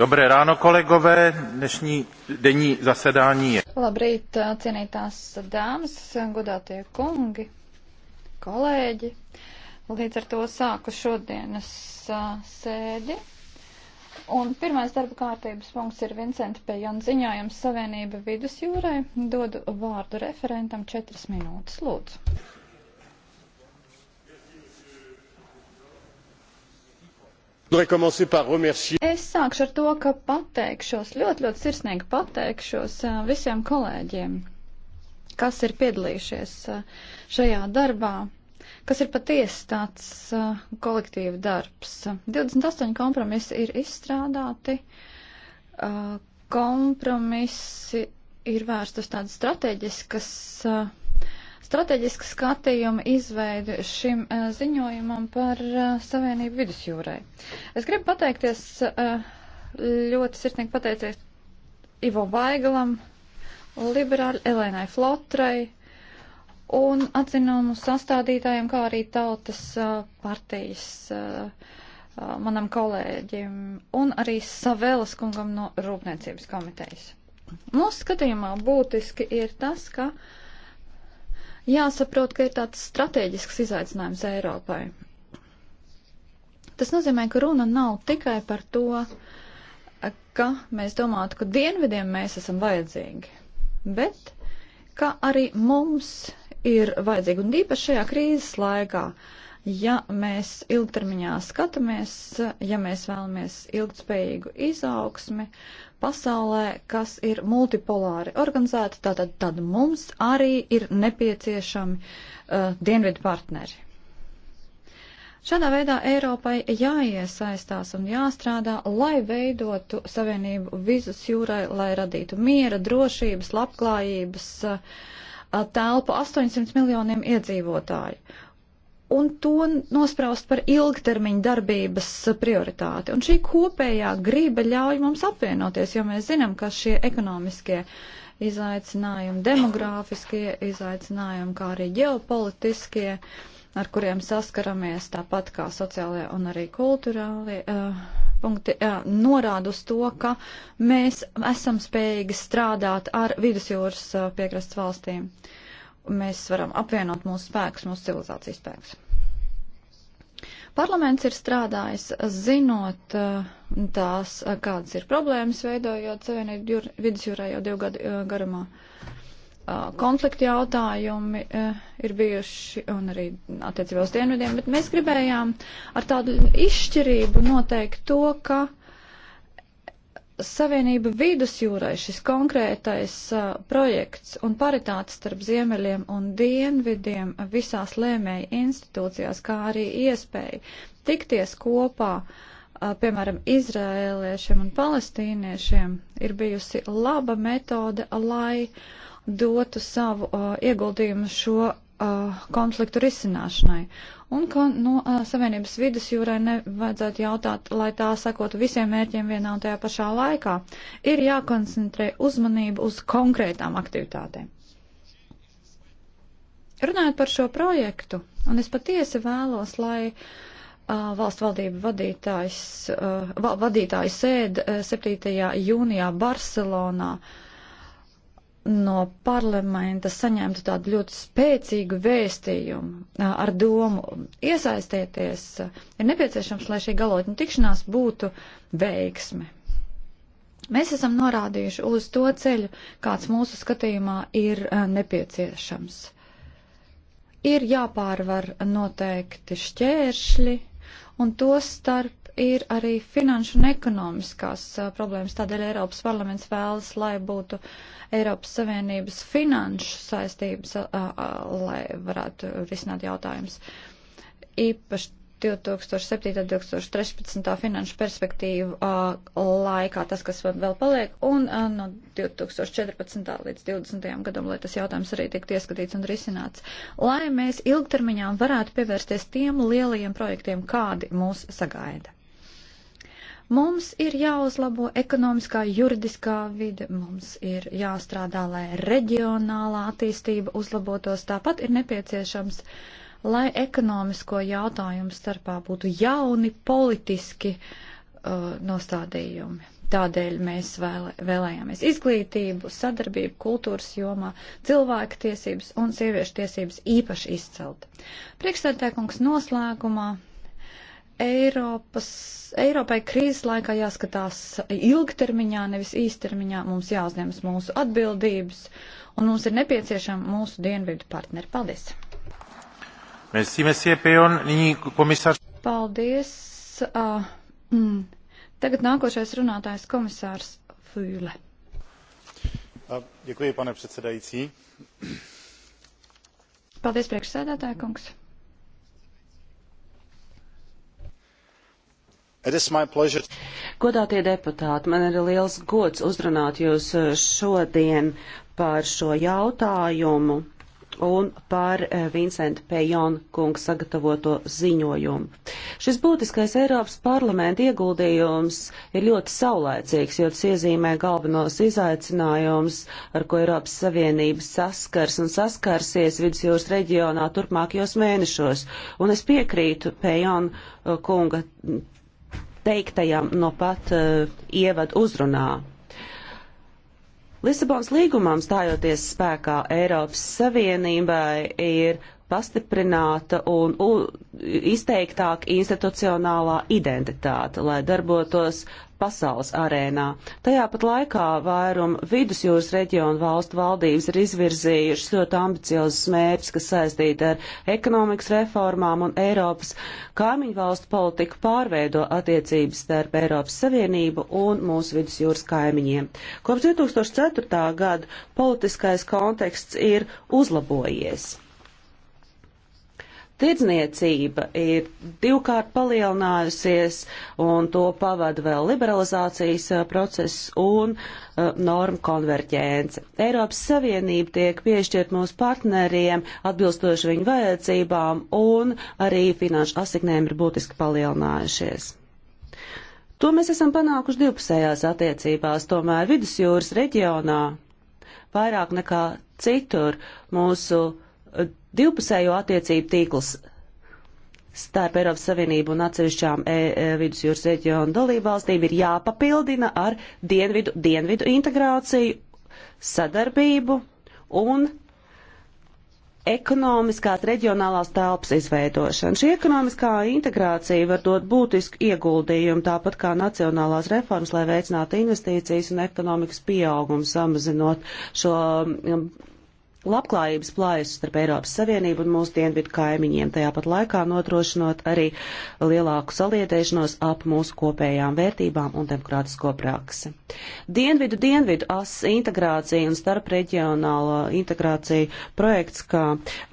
Dobré ráno, kolegové. Dnešní denní zasedání je. Labrīt, cienītās dāmas, godātie kungi, kolēģi. Līdz ar to sāku šodienas sēdi. Un pirmais darba kārtības punkts ir Vincenta Pejona ziņojums Savienība vidusjūrai. Dodu vārdu referentam četras minūtes, lūdzu. Es sākšu ar to, ka pateikšos, ļoti, ļoti sirsnīgi pateikšos uh, visiem kolēģiem, kas ir piedalījušies uh, šajā darbā, kas ir patiesi tāds uh, kolektīva darbs. 28 kompromisi ir izstrādāti, kompromisi ir vērst uz tādas strateģiskas strateģiska skatījuma izveidi šim eh, ziņojumam par eh, Savienību vidusjūrai. Es gribu pateikties, eh, ļoti sirsnīgi pateikties Ivo Vaigalam, liberāļi Elēnai Flotrai un atzinumu sastādītājiem, kā arī tautas partijas manam kolēģim un arī Savēlas kungam no Rūpniecības komitejas. Mūsu skatījumā būtiski ir tas, ka uh, Jāsaprot, ka ir tāds strateģisks izaicinājums Eiropai. Tas nozīmē, ka runa nav tikai par to, ka mēs domātu, ka dienvidiem mēs esam vajadzīgi, bet ka arī mums ir vajadzīgi un īpaši šajā krīzes laikā. Ja mēs ilgtermiņā skatāmies, ja mēs vēlamies ilgtspējīgu izaugsmi pasaulē, kas ir multipolāri organizēta, tātad tad mums arī ir nepieciešami uh, dienvidu partneri. Šādā veidā Eiropai jāiesaistās un jāstrādā, lai veidotu savienību vizus jūrai, lai radītu miera, drošības, labklājības uh, uh telpu 800 miljoniem iedzīvotāju un to nospraust par ilgtermiņa darbības prioritāti. Un šī kopējā grība ļauj mums apvienoties, jo mēs zinām, ka šie ekonomiskie izaicinājumi, demogrāfiskie izaicinājumi, kā arī ģeopolitiskie, ar kuriem saskaramies, tāpat kā sociālajie un arī kulturālie uh, eh, punkti, uh, norāda uz to, ka mēs esam spējīgi strādāt ar vidusjūras uh, piekrastes valstīm. Uh, mēs varam apvienot mūsu spēkus, mūsu civilizācijas spēkus. Parlaments ir strādājis zinot uh, tās, uh, kādas ir problēmas, veidojot savienību jūr, vidusjūrā jau divu gadu uh, garumā. Konflikti jautājumi ir bijuši un arī attiecībā uz dienvidiem, bet mēs gribējām ar tādu izšķirību noteikt to, ka Savienība vidusjūrai šis konkrētais uh, projekts un paritāte starp ziemeļiem un dienvidiem visās lēmēju institūcijās, kā arī iespēja tikties kopā, uh, piemēram, izrēliešiem un palestīniešiem, ir bijusi laba metode, lai dotu savu uh, ieguldījumu šo uh, konfliktu risināšanai. Un ka no uh, Savienības vidas jūrai nevajadzētu jautāt, lai tā sakot visiem mērķiem vienā un tajā pašā laikā. Ir jākoncentrē uzmanība uz konkrētām aktivitātēm. Runājot par šo projektu, un es patiesi vēlos, lai uh, valsts valdība vadītājs, uh, vadītājs sēd uh, 7. jūnijā Barcelonā. Uh, no parlamenta saņemtu tādu ļoti spēcīgu vēstījumu ar domu iesaistieties, ir nepieciešams, lai šī galotņa tikšanās būtu veiksme. Mēs esam norādījuši uz to ceļu, kāds mūsu skatījumā ir nepieciešams. Ir jāpārvar noteikti šķēršļi, un to starp ir arī finanšu un ekonomiskās uh, problēmas. Tādēļ Eiropas parlaments vēlas, lai būtu Eiropas Savienības finanšu saistības, uh, uh, lai varētu risināt jautājumus. Īpaši 2007.-2013. finanšu perspektīvu uh, laikā tas, kas vēl paliek, un uh, no 2014. līdz 2020. gadam, lai tas jautājums arī tiktu ieskatīts un risināts, lai mēs ilgtermiņā varētu pievērsties tiem lielajiem projektiem, kādi mūs sagaida. Mums ir jāuzlabo ekonomiskā, juridiskā vide, mums ir jāstrādā, lai reģionālā attīstība uzlabotos. Tāpat ir nepieciešams, lai ekonomisko jautājumu starpā būtu jauni politiski uh, nostādījumi. Tādēļ mēs vēl, vēlējāmies izglītību, sadarbību kultūras jomā, cilvēka tiesības un sieviešu tiesības īpaši izcelt. Priekšsēdētājkungs noslēgumā Eiropas, Eiropai krīzes laikā jāskatās ilgtermiņā, nevis īstermiņā. Mums jāuzņemas mūsu atbildības, un mums ir nepieciešama mūsu dienvidu partneri. Paldies! Merci, merci, Pion. Nyní komisārs. Paldies. Uh, mm. Tagad nākošais runātājs komisārs Fūle. Děkuji, pane předsedající. Paldies, priekšsēdētāja kungs. Godātie deputāti, man ir liels gods uzrunāt jūs eh, šodien par šo jautājumu un par eh, Vincenta Pejona kunga sagatavoto ziņojumu. Šis būtiskais Eiropas parlamenta ieguldījums ir ļoti saulēcīgs, jo tas iezīmē galvenos izaicinājumus, ar ko Eiropas Savienība saskars un saskarsies vidusjūras reģionā turpmākajos mēnešos. Un es piekrītu Pejona eh, kunga teiktajam no pat uh, ievad uzrunā. Lisabons līgumam stājoties spēkā Eiropas Savienībai ir pastiprināta un, un izteiktāk institucionālā identitāte, lai darbotos pasaules arēnā. Tajā pat laikā vairum vidusjūras reģionu valstu valdības ir izvirzījušas ļoti ambiciozus mērķus, kas saistīti ar ekonomikas reformām un Eiropas kaimiņu valstu politiku pārveido attiecības starp Eiropas Savienību un mūsu vidusjūras kaimiņiem. Kopš 2004. gada politiskais konteksts ir uzlabojies. Tirdzniecība ir divkārt palielinājusies, un to pavada vēl liberalizācijas process un uh, norma konverģence. Eiropas Savienība tiek piešķirt mūsu partneriem atbilstoši viņu vajadzībām, un arī finanšu asignējumi ir būtiski palielinājušies. To mēs esam panākuši divpusējās attiecībās, tomēr vidusjūras reģionā vairāk nekā citur mūsu divpusējo attiecību tīkls starp Eiropas Savienību un atsevišķām e, e, vidusjūras reģionu dalībvalstīm ir jāpapildina ar dienvidu, dienvidu integrāciju, sadarbību un ekonomiskās reģionālās telpas izveidošana. Šī ekonomiskā integrācija var dot būtisku ieguldījumu, tāpat kā nacionālās reformas, lai veicinātu investīcijas un ekonomikas pieaugumu, samazinot šo labklājības plājas starp Eiropas Savienību un mūsu dienvidu kaimiņiem, tajā pat laikā nodrošinot arī lielāku saliedēšanos ap mūsu kopējām vērtībām un demokrātisko praksi. Dienvidu dienvidu as integrācija un starp reģionālo integrāciju projekts, kā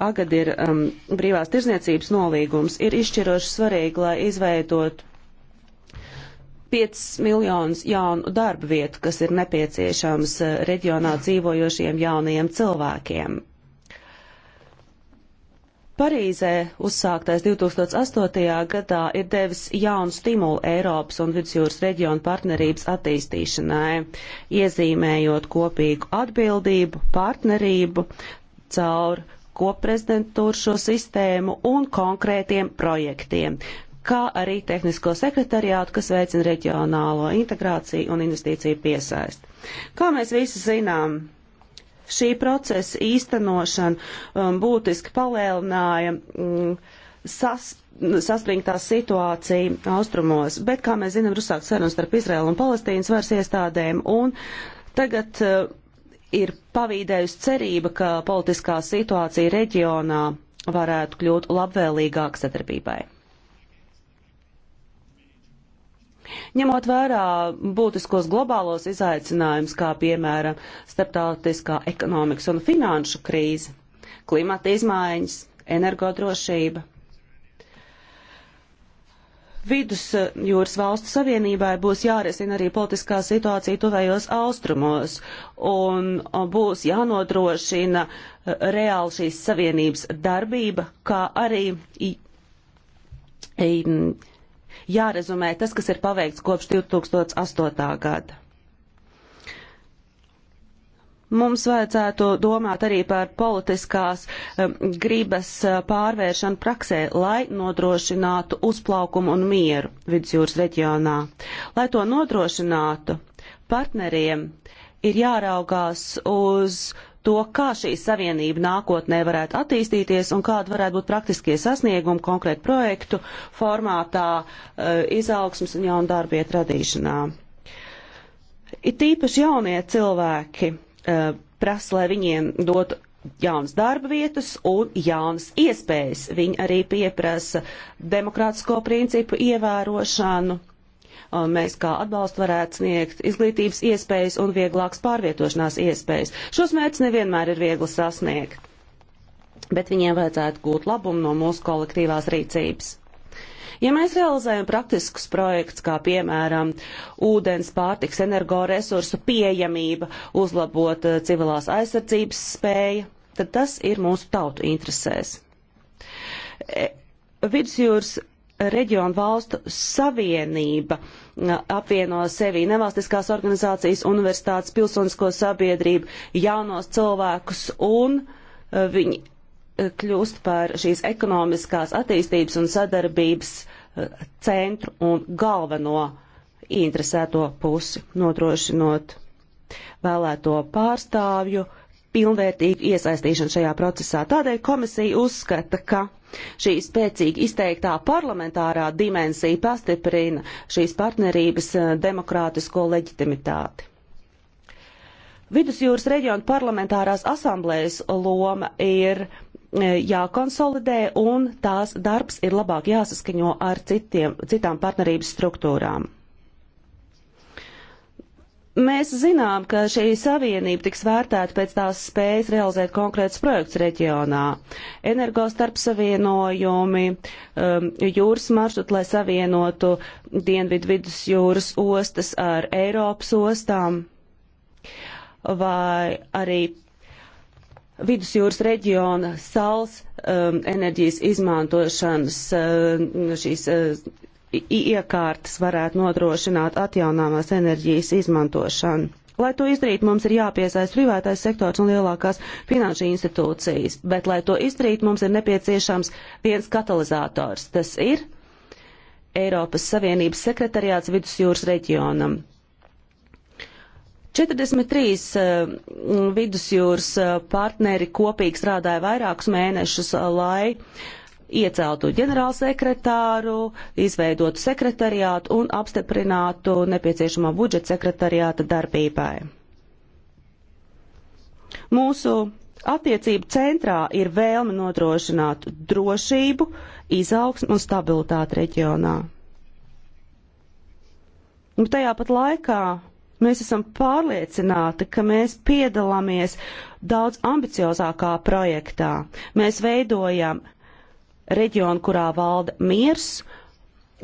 agad ir um, brīvās tirzniecības nolīgums, ir izšķiroši svarīgi, lai izveidot 5 miljonus jaunu darba vietu, kas ir nepieciešams eh, reģionā dzīvojošiem jaunajiem cilvēkiem. Parīzē uzsāktais 2008. gadā ir devis jaunu stimulu Eiropas un Vidusjūras reģionu partnerības attīstīšanai, iezīmējot kopīgu atbildību, partnerību caur koprezidentūru šo sistēmu un konkrētiem projektiem kā arī tehnisko sekretariātu, kas veicina reģionālo integrāciju un investīciju piesaist. Kā mēs visi zinām, šī procesa īstenošana um, būtiski palielināja um, sas, saspringtā situācija austrumos, bet, kā mēs zinām, ir uzsākt sarunas starp Izraēlu un Palestīnas varas iestādēm, un tagad uh, ir pavīdējusi cerība, ka politiskā situācija reģionā varētu kļūt labvēlīgāk sadarbībai. Ņemot vērā būtiskos globālos izaicinājumus, kā piemēram starptautiskā ekonomikas un finanšu krīze, klimata izmaiņas, energodrošība. Vidus eh, jūras valstu savienībai būs jārisina arī politiskā situācija tuvējos austrumos un eh, būs jānodrošina eh, reāli šīs savienības darbība, kā arī jārezumē tas, kas ir paveikts kopš 2008. gada. Mums vajadzētu domāt arī par politiskās um, gribas uh, pārvēršanu praksē, lai nodrošinātu uzplaukumu un mieru vidusjūras reģionā. Lai to nodrošinātu, partneriem ir jāraugās uz to, kā šī savienība nākotnē varētu attīstīties un kāda varētu būt praktiskie sasniegumi konkrētu projektu formātā eh, izaugsmas un jaunu darbiet radīšanā. It īpaši jaunie cilvēki eh, prasa, lai viņiem dotu jaunas darba vietas un jaunas iespējas. Viņi arī pieprasa demokrātisko principu ievērošanu Uh, mēs kā atbalstu varētu sniegt izglītības iespējas un vieglākas pārvietošanās iespējas. Šos mērķus nevienmēr ir viegli sasniegt, bet viņiem vajadzētu gūt labumu no mūsu kolektīvās rīcības. Ja mēs realizējam praktiskus projekts, kā piemēram ūdens, pārtiks, energoresursu pieejamība, uzlabot uh, civilās aizsardzības spēja, tad tas ir mūsu tautu interesēs. E, Vidusjūras reģionu valstu savienība mm, apvieno sevi nevalstiskās organizācijas, universitātes, pilsonisko sabiedrību, jaunos cilvēkus un e, viņi e, kļūst par šīs ekonomiskās attīstības un sadarbības e, centru un galveno interesēto pusi, nodrošinot vēlēto pārstāvju pilnvērtīgu iesaistīšanu šajā procesā. Tādēļ komisija uzskata, ka Šī spēcīgi izteiktā parlamentārā dimensija pastiprina šīs partnerības eh, demokrātisko leģitimitāti. Vidusjūras reģiona parlamentārās asamblējas loma ir eh, jākonsolidē un tās darbs ir labāk jāsaskaņo ar citiem, citām partnerības struktūrām. Mēs zinām, ka šī savienība tiks vērtēta pēc tās spējas realizēt konkrētus projektus reģionā. Energostarpsavienojumi, um, jūras maršruti, lai savienotu Dienvidu vidus jūras ostas ar Eiropas ostām, vai arī vidusjūras reģiona sals um, enerģijas izmantošanas um, šīs uh, iekārtas varētu nodrošināt atjaunāmās enerģijas izmantošanu. Lai to izdarītu, mums ir jāpiesaist privātais sektors un lielākās finanšu institūcijas, bet, lai to izdarītu, mums ir nepieciešams viens katalizators. Tas ir Eiropas Savienības sekretariāts vidusjūras reģionam. 43 uh, eh, vidusjūras eh, partneri kopīgi strādāja vairākus mēnešus, uh, lai uh, ieceltu ģenerālsekretāru, izveidotu sekretariātu un apstiprinātu nepieciešamo budžeta sekretariāta darbībai. Mūsu attiecību centrā ir vēlme nodrošināt drošību, izaugsmu un stabilitāti reģionā. Un tajā pat laikā mēs esam pārliecināti, ka mēs piedalāmies daudz ambiciozākā projektā. Mēs veidojam reģionu, kurā valda miers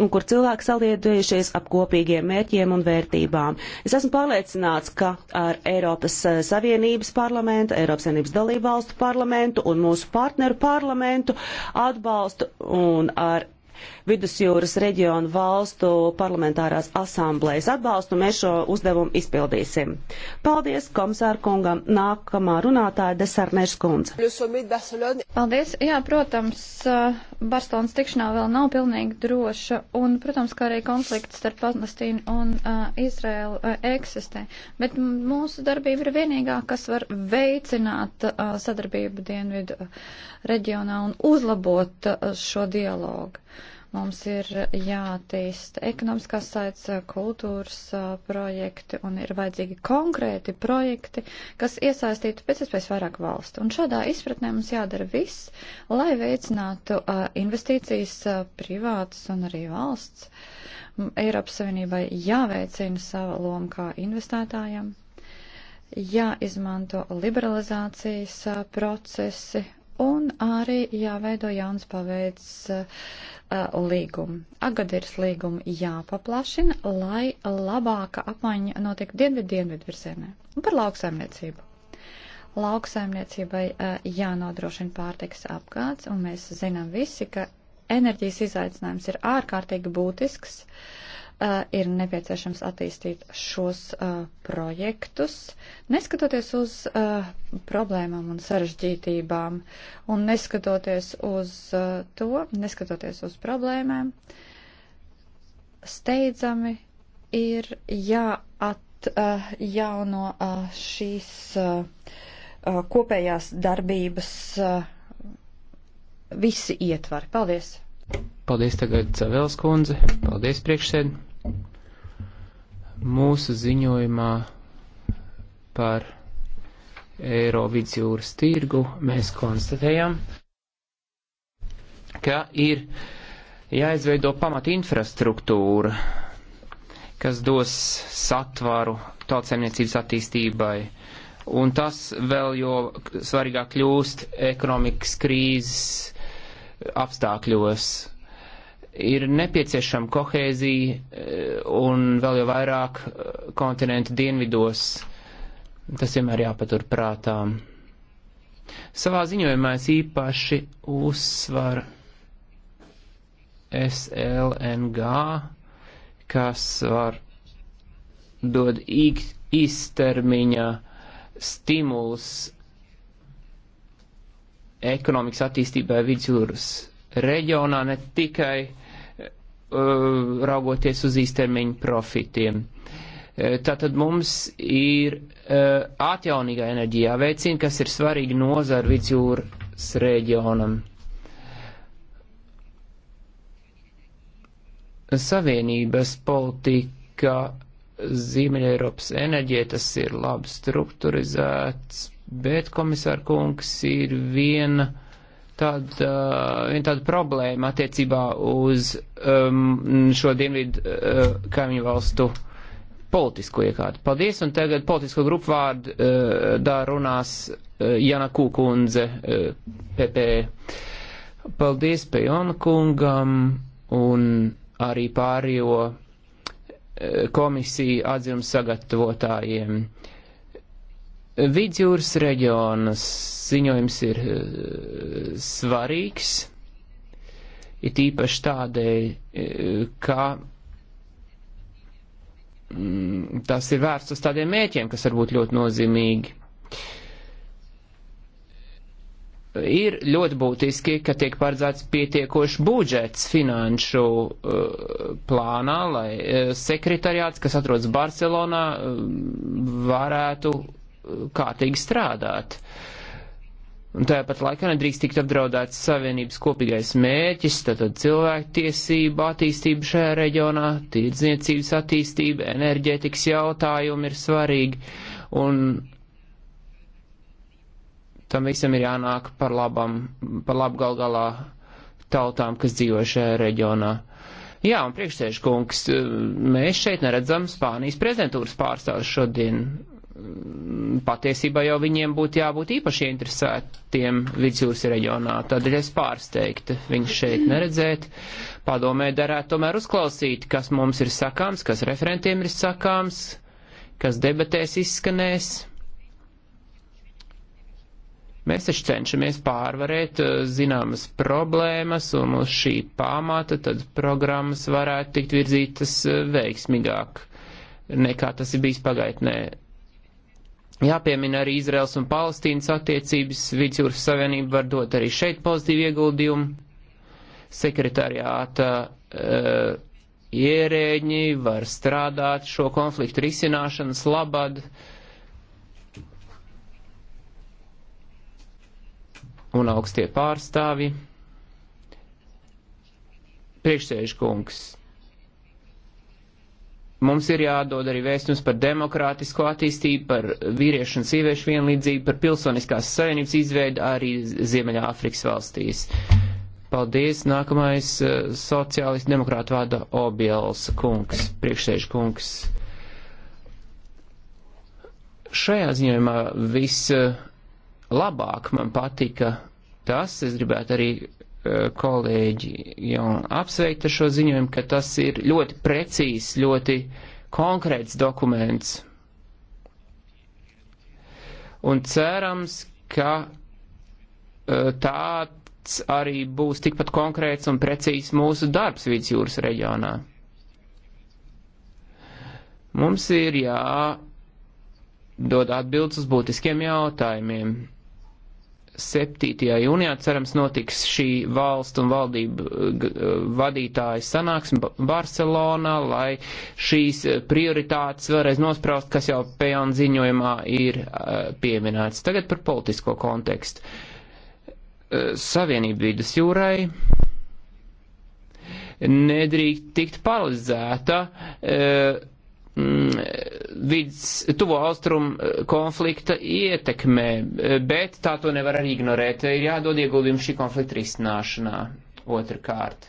un kur cilvēki saliedējušies ap kopīgiem mērķiem un vērtībām. Es esmu pārliecināts, ka ar Eiropas eh, Savienības parlamentu, Eiropas Savienības dalībvalstu parlamentu un mūsu partneru parlamentu atbalstu un ar vidusjūras reģionu valstu parlamentārās asamblējas atbalstu, mēs šo uzdevumu izpildīsim. Paldies komisāru kungam. Nākamā runātāja Desarnēša kundze. Paldies. Jā, protams, uh, Barcelonas tikšanā vēl nav pilnīgi droša, un, protams, kā arī konflikts starp Palestīnu un uh, Izraēlu uh, eksistē. Bet mūsu darbība ir vienīgā, kas var veicināt uh, sadarbību dienvidu reģionā un uzlabot uh, šo dialogu. Uh, Mums ir jātīsta ekonomiskās saites, kultūras projekti un ir vajadzīgi konkrēti projekti, kas iesaistītu pēc iespējas vairāk valstu. Un šādā izpratnē mums jādara viss, lai veicinātu investīcijas privātas un arī valsts. Eiropas Savienībai jāveicina sava loma kā investētājiem, jāizmanto liberalizācijas procesi un arī jāveido jauns paveids uh, līgumu. Agadirs līgumu jāpaplašina, lai labāka apmaiņa notiek dienvidu dienvidu virzienē. Un par lauksaimniecību. Lauksaimniecībai uh, jānodrošina pārtiks apgāds, un mēs zinām visi, ka enerģijas izaicinājums ir ārkārtīgi būtisks. Uh, ir nepieciešams attīstīt šos uh, projektus, neskatoties uz uh, problēmām un sarežģītībām, un neskatoties uz uh, to, neskatoties uz problēmēm, steidzami ir jāat uh, jauno uh, šīs uh, kopējās darbības uh, visi ietvari. Paldies! Paldies tagad Cavels kundze, paldies priekšsēdētājiem! Mūsu ziņojumā par Eiro vidusjūras tirgu mēs konstatējam, ka ir jāizveido pamat infrastruktūra, kas dos satvaru tautsēmniecības attīstībai. Un tas vēl jo svarīgāk kļūst ekonomikas krīzes apstākļos ir nepieciešama kohēzija eh, un vēl jau vairāk eh, kontinentu dienvidos. Tas vienmēr jāpatur prātā. Savā ziņojumā es īpaši uzsvaru SLNG, kas var dod īstermiņa stimulus ekonomikas attīstībai vidusjūras reģionā, ne tikai uh, Uh, raugoties uz īstermiņu profitiem. Uh, tātad mums ir uh, atjaunīgā enerģija jāveicina, kas ir svarīga nozara vidusjūras reģionam. Savienības politika Ziemeļa Eiropas enerģija, tas ir labi strukturizēts, bet komisāra kungs ir viena tāda, viena eh, tāda problēma attiecībā uz um, šo dienvidu uh, kaimiņu valstu politisko iekārtu. Paldies, un tagad politisko grupu vārdu uh, dā runās uh, Jana Kūkundze, uh, PP. Paldies Pejona kungam un arī pārējo uh, komisiju atzīmes sagatavotājiem. Uh, Vidzjūras reģionas ziņojums ir e, svarīgs, it īpaši tādēļ, e, ka mm, tas ir vērsts uz tādiem mēķiem, kas var būt ļoti nozīmīgi. Ir ļoti būtiski, ka tiek paredzēts pietiekošs budžets finanšu uh, plānā, lai sekretariāts, kas atrodas Barcelonā, varētu kārtīgi strādāt. Un tāpat laikā nedrīkst tikt apdraudēts Savienības kopīgais mērķis, tātad cilvēktiesība attīstība šajā reģionā, tirdzniecības attīstība, enerģētikas jautājumi ir svarīgi, un tam visam ir jānāk par, labam, par labu gal galā tautām, kas dzīvo šajā reģionā. Jā, un priekšsēžkungs, mēs šeit neredzam Spānijas prezidentūras pārstāvis šodien. Mm, patiesībā jau viņiem būtu jābūt īpaši interesētiem vidusjūras reģionā. Tādēļ es pārsteigtu viņus šeit neredzēt. Padomē darētu tomēr uzklausīt, kas mums ir sakāms, kas referentiem ir sakāms, kas debatēs izskanēs. Mēs taču cenšamies pārvarēt eh, zināmas problēmas, un uz šī pamata tad programmas varētu tikt virzītas eh, veiksmīgāk nekā tas ir bijis pagaidnē Jāpiemina arī Izraels un Palestīnas attiecības, Vidusjūras Savienība var dot arī šeit pozitīvu ieguldījumu, sekretariāta uh, ierēģi var strādāt šo konfliktu risināšanas labad. Un augstie pārstāvi. Priekšsēžkungs Mums ir jādod arī vēstījums par demokrātisko attīstību, par vīriešu un sieviešu vienlīdzību, par pilsoniskās savienības izveidu arī Ziemeļā Afrikas valstīs. Paldies. Nākamais eh, sociālistu demokrātu vārda Obiels kungs, priekšsēžu kungs. Šajā ziņojumā vislabāk man patika tas, es gribētu arī kolēģi jau apsveikta šo ziņojumu, ka tas ir ļoti precīzs, ļoti konkrēts dokuments. Un cerams, ka e, tāds arī būs tikpat konkrēts un precīzs mūsu darbs vidusjūras reģionā. Mums ir jādod atbildes uz būtiskiem jautājumiem 7. jūnijā cerams notiks šī valstu un valdību vadītāja sanāksme Barcelonā, lai šīs eh, prioritātes vēlreiz nospraust, kas jau Pējona ziņojumā ir eh, pieminēts. Tagad par politisko kontekstu. Eh, Savienība vidus jūrai nedrīkst tikt paralizēta vidz, tuvo austrumu eh, konflikta ietekmē, eh, bet tā to nevar arī ignorēt. Ir jādod ieguldījumi šī konflikta risināšanā otrkārt.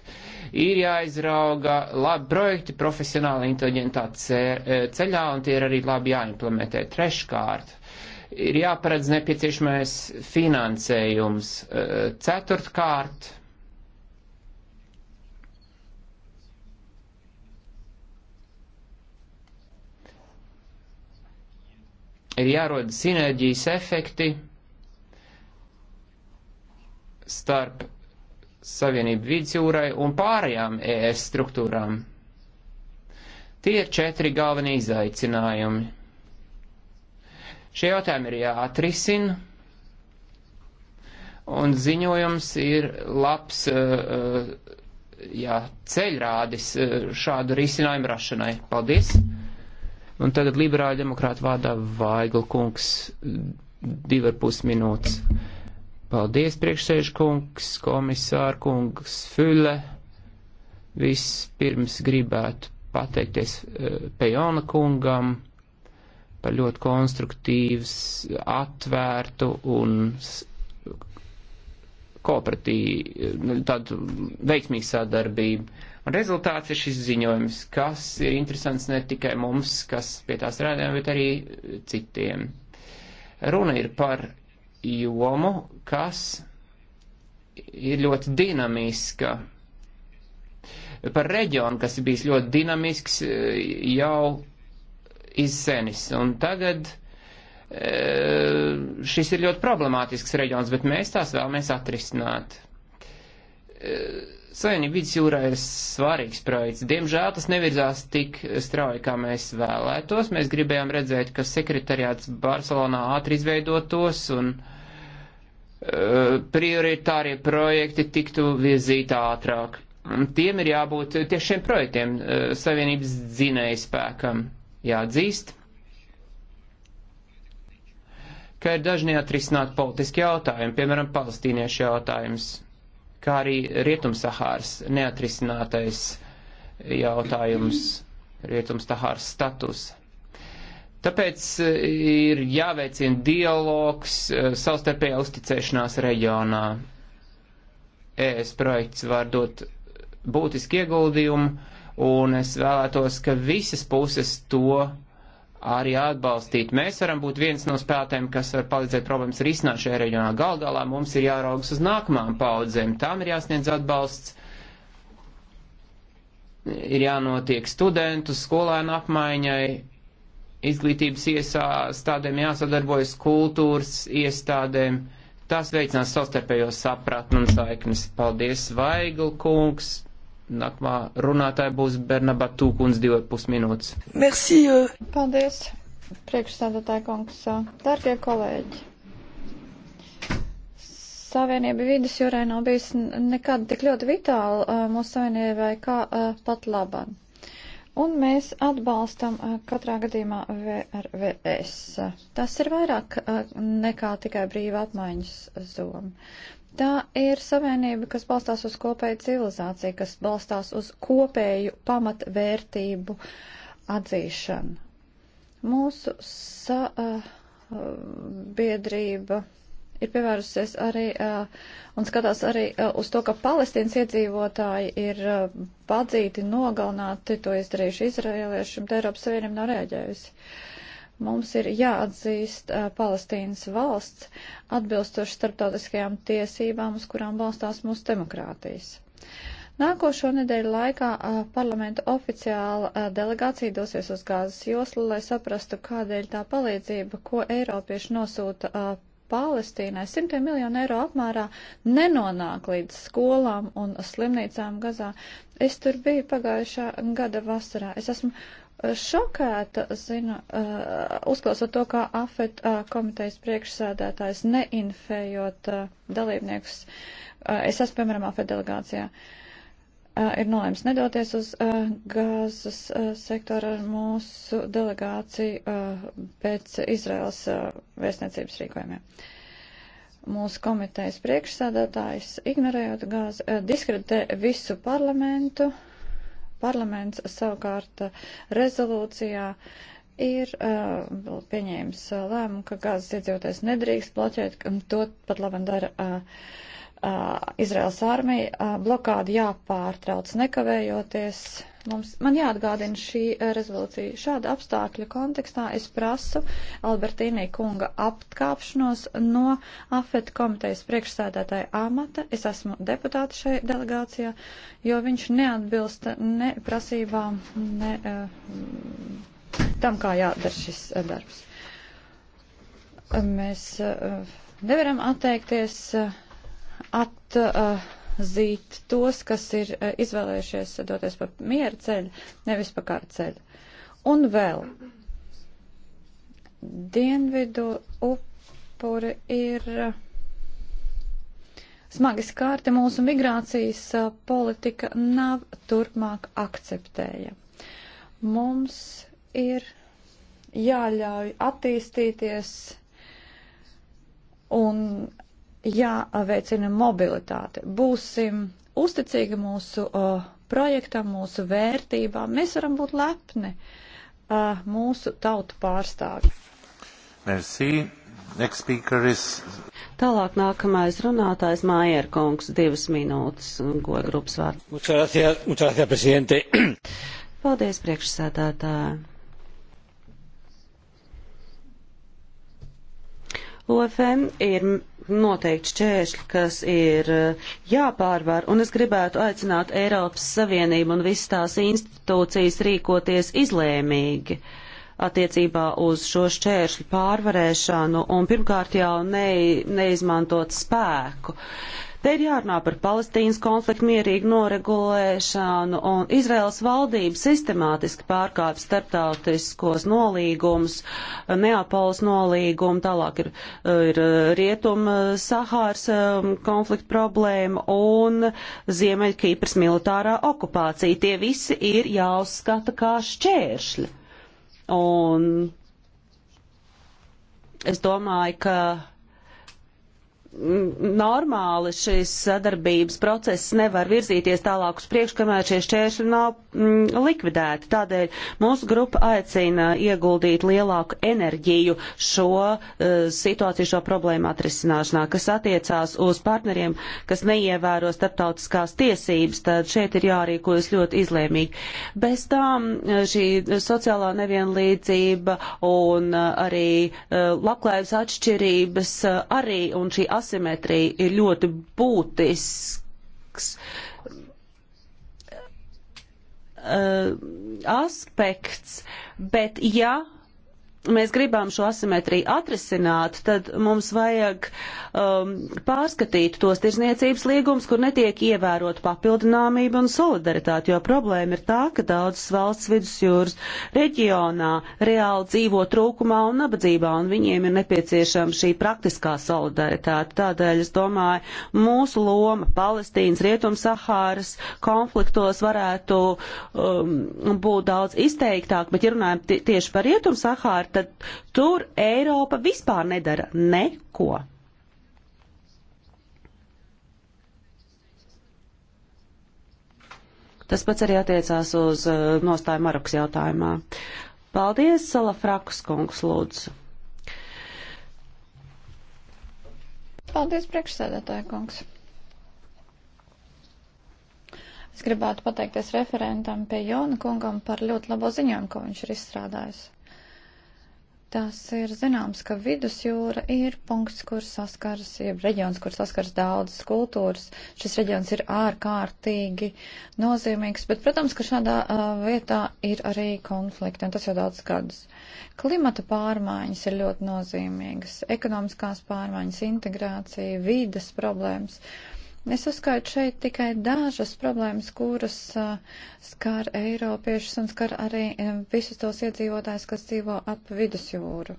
Ir jāizrauga labi projekti profesionāli inteliģentā eh, ceļā, un tie ir arī labi jāimplementē. Treškārt, ir jāparedz nepieciešamais finansējums. Ceturtkārt, ir jārod sinerģijas efekti starp Savienību vidusjūrai un pārējām ES struktūrām. Tie ir četri galvenie izaicinājumi. Šie jautājumi ir jāatrisina, un ziņojums ir labs uh, uh, jā, ceļrādis uh, šādu risinājumu rašanai. Paldies! Un tagad liberāļu demokrātu vārdā Vaigla kungs divi ar pus minūtes. Paldies, priekšsēžu kungs, komisāru kungs, Füle. Vispirms gribētu pateikties eh, Pejona kungam par ļoti konstruktīvs, atvērtu un kooperatīvu, nu, tādu veiksmīgu sadarbību Un rezultāts ir šis ziņojums, kas ir interesants ne tikai mums, kas pie tā strādājam, bet arī citiem. Runa ir par jomu, kas ir ļoti dinamiska, par reģionu, kas ir bijis ļoti dinamisks e, jau izsenis. Un tagad e, šis ir ļoti problemātisks reģions, bet mēs tās vēlamies atrisināt. E, Savienība vidusjūrā ir svarīgs projekts. Diemžēl tas nevirzās tik strauji, kā mēs vēlētos. Mēs gribējām redzēt, ka sekretariāts Barcelonā ātri izveidotos un uh, prioritārie projekti tiktu virzīti ātrāk. Tiem ir jābūt tieši šiem projektiem uh, Savienības dzinēja spēkam jāatzīst, ka ir dažni atrisināt politiski jautājumi, piemēram, palestīniešu jautājums kā arī Rietumsahāras neatrisinātais jautājums, Rietumsahāras status. Tāpēc eh, ir jāveicina dialogs, eh, savstarpējā uzticēšanās reģionā. ES projekts var dot būtiski ieguldījumu, un es vēlētos, ka visas puses to arī atbalstīt. Mēs varam būt viens no spēlētājiem, kas var palīdzēt problēmas risināt šajā reģionā. Gal galā mums ir jāraugas uz nākamām paudzēm, tām ir jāsniedz atbalsts, ir jānotiek studentu, skolēnu apmaiņai, izglītības iestādēm jāsadarbojas kultūras iestādēm. Tas veicinās savstarpējo sapratni un saiknes. Paldies, Vaigl kungs! Nākamā runātāja būs Bernaba Tūkuns, 2,5 minūtes. Merci! Uh. Paldies, priekšstādātāja kungs. Dārgie kolēģi! Savienība vidas jūrē nav bijusi nekad tik ļoti vitāla uh, mūsu savienībai kā uh, pat laban. Un mēs atbalstam katrā gadījumā VRVS. Tas ir vairāk nekā tikai brīva apmaiņas zoma. Tā ir savienība, kas balstās uz kopēju civilizāciju, kas balstās uz kopēju pamatvērtību atzīšanu. Mūsu sa, uh, biedrība ir pievērusies arī uh, un skatās arī uh, uz to, ka palestīnas iedzīvotāji ir uh, padzīti, nogalnāti, to izdarījuši izrēlieši, un Eiropas Savienība nav rēģējusi. Uh, Mums ir jāatzīst uh, Palestīnas valsts atbilstoši starptautiskajām tiesībām, uz kurām balstās mūsu demokrātijas. Nākošo nedēļu laikā uh, parlamenta oficiāla uh, delegācija dosies uz gāzes joslu, lai saprastu, kādēļ tā palīdzība, ko Eiropieši nosūta uh, Palestīnai simtiem miljonu eiro apmērā nenonāk līdz skolām un slimnīcām Gazā. Es tur biju pagājušā gada vasarā. Es esmu šokēta, zinu, eh, uzklausot to, kā AFET eh, komitejas priekšsēdētājs neinfējot eh, dalībniekus. Es esmu, piemēram, AFET delegācijā. Ir nolēms nedoties uz gāzes sektoru ar mūsu delegāciju pēc Izraels vēstniecības rīkojumiem. Mūsu komitejas priekšsēdētājs, ignorējot gāzi, diskreditē visu parlamentu, uh, parlaments savukārt uh, rezolūcijā ir uh, pieņēmis uh, lēmumu, ka gāzes iedzīvotājs nedrīkst bloķēt, un to pat labam dara uh, uh, Izraels armija. Uh, blokādi jāpārtrauc nekavējoties. Mums, man jāatgādina šī eh, rezolūcija. Šāda apstākļa kontekstā es prasu Albertīnī kunga aptkāpšanos no AFET komitejas priekšsēdētāja amata. Es esmu deputāta šai delegācijā, jo viņš neatbilst ne prasībām, ne eh, tam, kā jādara šis eh, darbs. Mēs nevaram atteikties at. Uh, virzīt tos, kas ir eh, izvēlējušies doties pa miera ceļu, nevis pa kara ceļu. Un vēl. Dienvidu upuri ir eh, smagi skārti mūsu migrācijas eh, politika nav turpmāk akceptēja. Mums ir jāļauj attīstīties un jāveicina mobilitāte. Būsim uzticīgi mūsu uh, projektam, mūsu vērtībām. Mēs varam būt lepni uh, mūsu tautu pārstāvi. Merci. Next speaker is. Tālāk nākamais runātājs Mājer kungs, divas minūtes, goja grupas vārdu. Muchas gracias, muchas gracias, presidente. Paldies, priekšsēdētāji. OFM ir noteikti šķēršļi, kas ir eh, jāpārvar, un es gribētu aicināt Eiropas Savienību un visas tās institūcijas rīkoties izlēmīgi attiecībā uz šo šķēršļu pārvarēšanu un pirmkārt jau ne, neizmantot spēku. Uh, Te ir jārunā par Palestīnas konfliktu mierīgu noregulēšanu un Izraels valdība sistemātiski pārkāp starptautiskos nolīgumus, Neapolas nolīgumu, tālāk ir, ir uh, Rietuma uh, Sahāras um, konflikta problēma un Ziemeļkīpras militārā okupācija. Tie visi ir jāuzskata kā šķēršļi. Un es domāju, ka normāli šis sadarbības process nevar virzīties tālāk uz priekšu, kamēr šie šķēršļi nav mm, likvidēti. Tādēļ mūsu grupa aicina ieguldīt lielāku enerģiju šo uh, situāciju, šo problēmu atrisināšanā, kas attiecās uz partneriem, kas neievēro starptautiskās tiesības, tad šeit ir jārīkojas ļoti izlēmīgi. Bez tām e, šī sociālā nevienlīdzība un uh, arī uh, labklājības atšķirības uh, arī un šī asociācija asimetrija ir ļoti būtisks eh, aspekts, bet ja mēs gribam šo asimetriju atrisināt, tad mums vajag um, pārskatīt tos tirzniecības līgumus, kur netiek ievērot papildināmība un solidaritāte, jo problēma ir tā, ka daudzas valsts vidusjūras reģionā reāli dzīvo trūkumā un nabadzībā, un viņiem ir nepieciešama šī praktiskā solidaritāte. Tādēļ es domāju, mūsu loma Palestīnas, Rietum-Sahāras konfliktos varētu um, būt daudz izteiktāk, bet ja runājam tieši par Rietum-Sahāru, tad tur Eiropa vispār nedara neko. Tas pats arī attiecās uz uh, nostāju Marokas jautājumā. Paldies, Salafrakus kungs, lūdzu. Paldies, priekšsēdētāja kungs. Es gribētu pateikties referentam pie Jona kungam par ļoti labo ziņojumu, ko viņš ir izstrādājis. Tas ir zināms, ka vidusjūra ir punkts, kur saskaras, jeb reģions, kur saskaras daudzas kultūras. Šis reģions ir ārkārtīgi nozīmīgs, bet, protams, ka šādā uh, vietā ir arī konflikti, un tas jau daudz gadus. Klimata pārmaiņas ir ļoti nozīmīgas, ekonomiskās pārmaiņas, integrācija, vīdes problēmas. Uh, Es uzskaitu šeit tikai dažas problēmas, kuras uh, skar Eiropiešus un skar arī visus tos iedzīvotājus, kas dzīvo ap vidusjūru.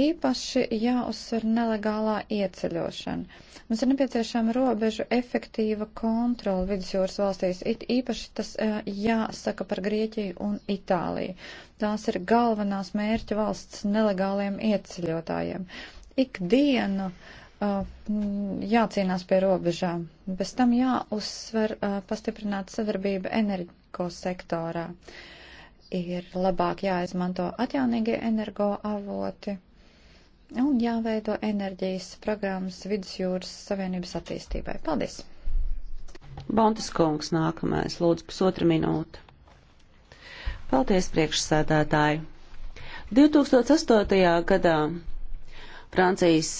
Īpaši jāuzsver nelegālā ieceļošana. Mums ir nepieciešama robežu efektīva kontrola vidusjūras valstīs. It, īpaši tas uh, jāsaka par Grieķiju un Itāliju. Tās ir galvenās mērķa valsts nelegāliem ieceļotājiem. Ikdienu uh, Uh, jācīnās pie robežām. Bez tam jāuzsver uh, pastiprināt sadarbību energo sektorā. Ir labāk jāizmanto atjaunīgie energo avoti un jāveido enerģijas programmas vidusjūras savienības attīstībai. Paldies! Bontas kungs nākamais, lūdzu, pusotra minūte. Paldies, priekšsēdētāji! 2008. gadā Francijas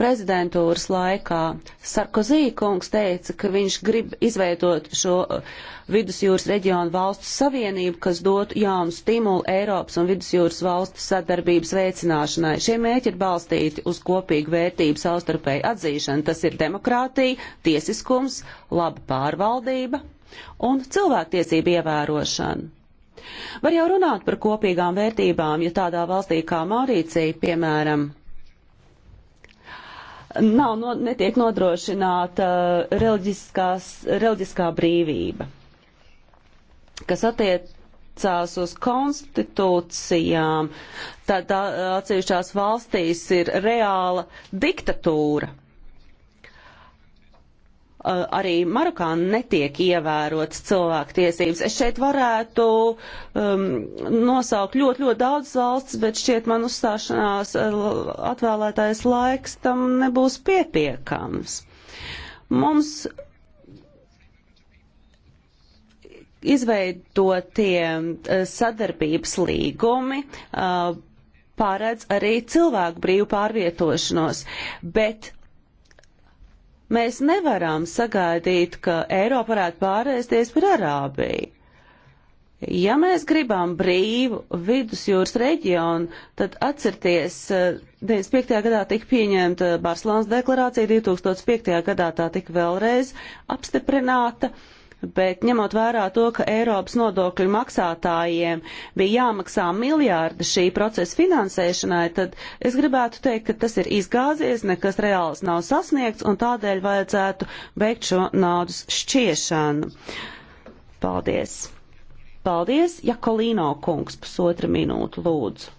prezidentūras laikā Sarkozī kungs teica, ka viņš grib izveidot šo uh, vidusjūras reģionu valstu savienību, kas dotu jaunu stimulu Eiropas un vidusjūras valstu sadarbības veicināšanai. Šie mēķi ir balstīti uz kopīgu vērtību savstarpēju atzīšanu. Tas ir demokrātija, tiesiskums, laba pārvaldība un cilvēktiesību ievērošana. Var jau runāt par kopīgām vērtībām, ja tādā valstī kā Maurīcija, piemēram, nav, no, netiek nodrošināta reliģiskā brīvība, kas attiecās uz konstitūcijām, tad atsevišķās valstīs ir reāla diktatūra. Eh, arī Marokā netiek ievērotas cilvēktiesības. Es šeit varētu um, nosaukt ļoti, ļoti daudz valsts, bet šķiet man uzstāšanās eh, atvēlētais laiks tam nebūs pietiekams. Mums izveidotie eh, sadarbības līgumi uh, paredz arī cilvēku brīvu pārvietošanos, bet Mēs nevaram sagaidīt, ka Eiropa varētu pārēsties par Arābiju. Ja mēs gribam brīvu vidusjūras reģionu, tad atcerieties, 95. Eh, gadā tika pieņemta Barcelonas deklarācija, 2005. gadā tā tika vēlreiz apstiprināta. Uh, bet ņemot vērā to, ka Eiropas nodokļu maksātājiem bija jāmaksā miljārdi šī procesa finansēšanai, tad es gribētu teikt, ka tas ir izgāzies, nekas reāls nav sasniegts un tādēļ vajadzētu beigt šo naudas šķiešanu. Paldies! Paldies, Jakolīno kungs, pusotra minūte, lūdzu.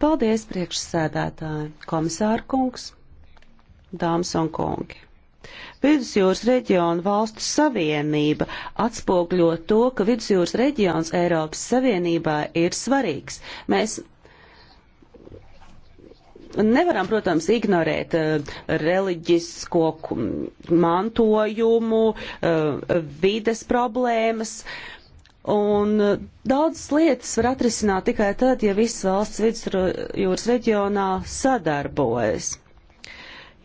Paldies, priekšsēdētāji, komisāra kungs, dāmas un kungi. Vidusjūras reģiona valstu savienība atspogļo to, ka Vidusjūras reģions Eiropas Savienībā ir svarīgs. Mēs nevaram, protams, ignorēt uh, reliģisko mantojumu, uh, vides problēmas. Un uh, daudzas lietas var atrisināt tikai tad, ja visas valsts vidusjūras reģionā sadarbojas.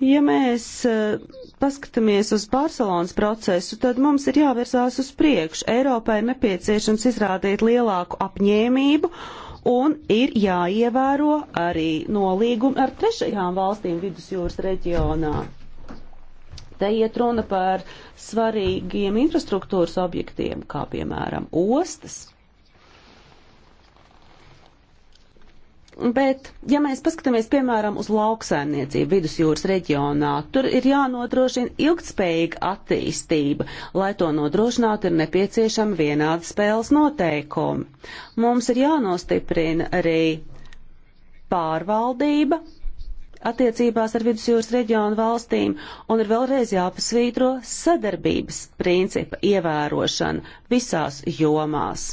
Ja mēs eh, paskatāmies uz Barcelonas procesu, tad mums ir jāvirzās uz priekšu. Eiropai ir nepieciešams izrādīt lielāku apņēmību un ir jāievēro arī nolīgumi ar trešajām valstīm vidusjūras reģionā. Te iet runa par svarīgiem infrastruktūras objektiem, kā piemēram ostas. Bet, ja mēs paskatāmies, piemēram, uz lauksaimniecību vidusjūras reģionā, tur ir jānodrošina ilgtspējīga attīstība. Lai to nodrošinātu, ir nepieciešama vienāda spēles noteikumi. Mums ir jānostiprina arī pārvaldība attiecībās ar vidusjūras reģionu valstīm, un ir vēlreiz jāpasvītro sadarbības principa ievērošana visās jomās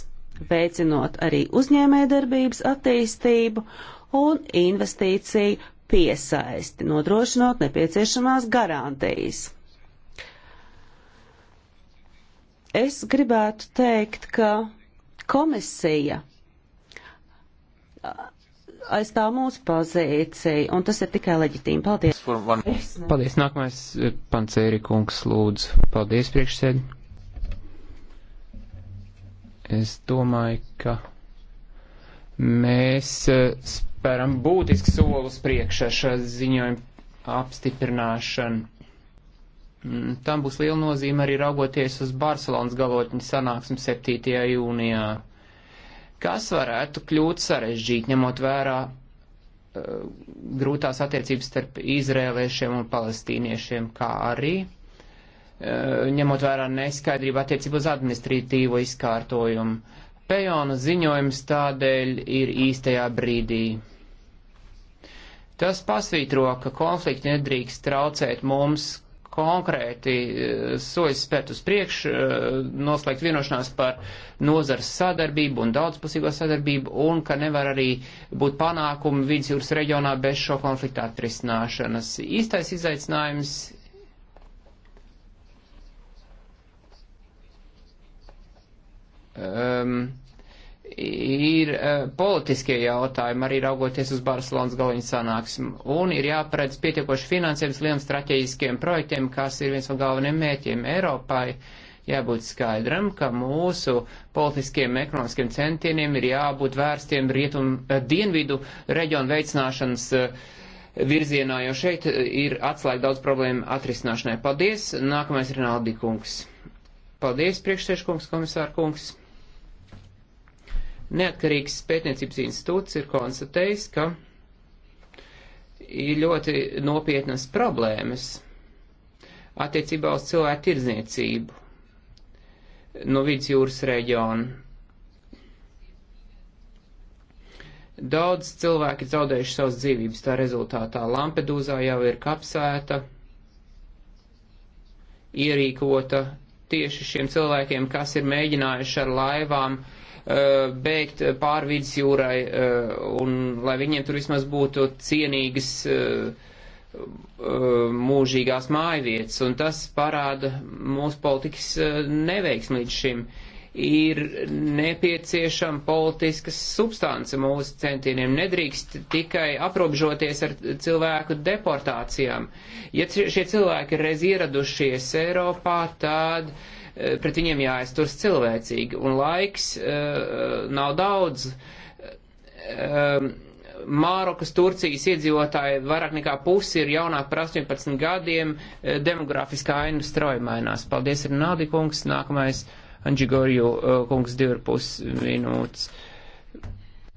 veicinot arī uzņēmējdarbības attīstību un investīciju piesaisti, nodrošinot nepieciešamās garantijas. Es gribētu teikt, ka komisija uh, aizstāv mūsu pozīciju, un tas ir tikai leģitīmi. Paldies! Paldies! Nākamais eh, pancēri kungs lūdzu. Paldies priekšsēdi! Es domāju, ka mēs e, spēram būtisku solus priekšā šā ziņojuma apstiprināšanu. Mm, tam būs liela nozīme arī raugoties uz Barcelonas galotņu sanāksmi 7. jūnijā, kas varētu kļūt sarežģīt, ņemot vērā uh, grūtās attiecības starp izrēliešiem un palestīniešiem, kā arī uh, Eh, ņemot vērā neskaidrību attiecību uz administratīvo izkārtojumu. Pejona ziņojums tādēļ ir īstajā brīdī. Tas pasvītro, ka konflikti nedrīkst traucēt mums konkrēti eh, soļus spērt uz priekšu, eh, noslēgt vienošanās par nozars sadarbību un daudzpusīgo sadarbību, un ka nevar arī būt panākumi vidusjūras reģionā bez šo konfliktu atrisināšanas. Īstais izaicinājums um, ir uh, politiskie jautājumi, arī raugoties uz Barcelonas galviņu sanāksmu, un ir jāparedz pietiekoši finansējums lieliem strateģiskiem projektiem, kas ir viens no galveniem mēķiem Eiropai. Jābūt skaidram, ka mūsu politiskiem ekonomiskiem centieniem ir jābūt vērstiem rietum, uh, dienvidu reģionu veicināšanas uh, virzienā, jo šeit eh, ir atslēga daudz problēmu atrisināšanai. Paldies! Nākamais ir Naldi kungs. Paldies, priekšsēškungs, komisārkungs. Neatkarīgs pētniecības institūts ir konstatējis, ka ir ļoti nopietnas problēmas attiecībā uz cilvēku tirdzniecību no vidusjūras reģiona. Daudz cilvēki zaudējuši savas dzīvības tā rezultātā. Lampedūzā jau ir kapsēta, ierīkota tieši šiem cilvēkiem, kas ir mēģinājuši ar laivām uh, Uh, bēgt pāri vidusjūrai uh, un lai viņiem tur vismaz būtu cienīgas uh, mūžīgās mājvietas. Un tas parāda mūsu politikas neveiksmi līdz šim. Ir nepieciešama politiska substance mūsu centieniem. Nedrīkst tikai aprobežoties ar cilvēku deportācijām. Ja šie cilvēki ir reiz ieradušies Eiropā, tad uh, Eh, pret viņiem jāizturas cilvēcīgi, un laiks uh, nav daudz. Uh, Mārokas Turcijas iedzīvotāji vairāk nekā pusi ir jaunāki par 18 gadiem, uh, demografiskā aina strauji mainās. Paldies, Rinaldi kungs, nākamais Anģigorju uh, kungs divarpus minūtes.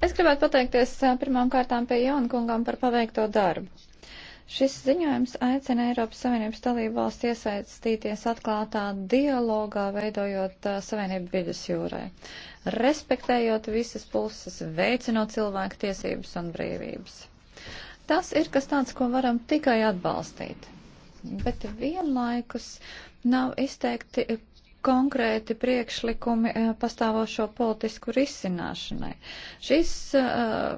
Es gribētu pateikties pirmām kārtām pie Jauna kungam par paveikto darbu. Šis ziņojums aicina Eiropas Savienības dalību valsts iesaistīties atklātā dialogā, veidojot uh, Savienību vidusjūrē, respektējot visas puses, veicinot cilvēku tiesības un brīvības. Tas ir kas tāds, ko varam tikai atbalstīt, bet vienlaikus nav izteikti konkrēti priekšlikumi uh, pastāvošo politisku risināšanai. Šis uh,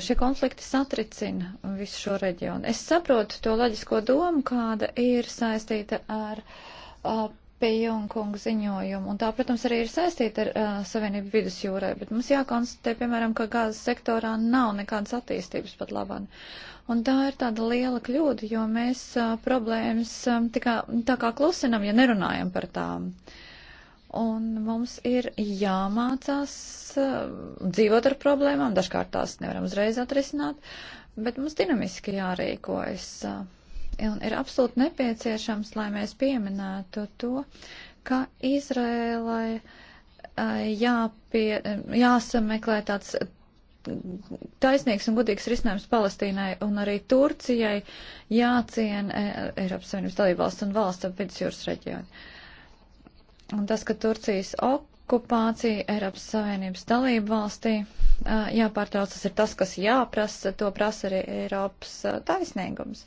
šie konflikti satricina visu šo reģionu. Es saprotu to loģisko domu, kāda ir saistīta ar uh, Pejunkungu ziņojumu, un tā, protams, arī ir saistīta ar uh, Savienību vidusjūrai, bet mums jākonstatē, piemēram, ka gāzes sektorā nav nekādas attīstības pat labāk. Un tā ir tāda liela kļūda, jo mēs uh, problēmas um, tā kā, tā kā klusinam, ja nerunājam par tām. Uh, Un mums ir jāmācās eh, dzīvot ar problēmām, dažkārt tās nevaram uzreiz atrisināt, bet mums dinamiski jārīkojas. Eh, un ir absolūti nepieciešams, lai mēs pieminētu to, ka Izrēlai eh, jāpie, jāsameklē tāds taisnīgs un gudīgs risinājums Palestīnai un arī Turcijai jāciena Eiropas Savienības dalībvalsts un valsts ap vidusjūras reģionu. Un tas, ka Turcijas okupācija Eiropas Savienības dalību valstī jāpārtrauc, tas ir tas, kas jāprasa, to prasa arī Eiropas taisnīgums.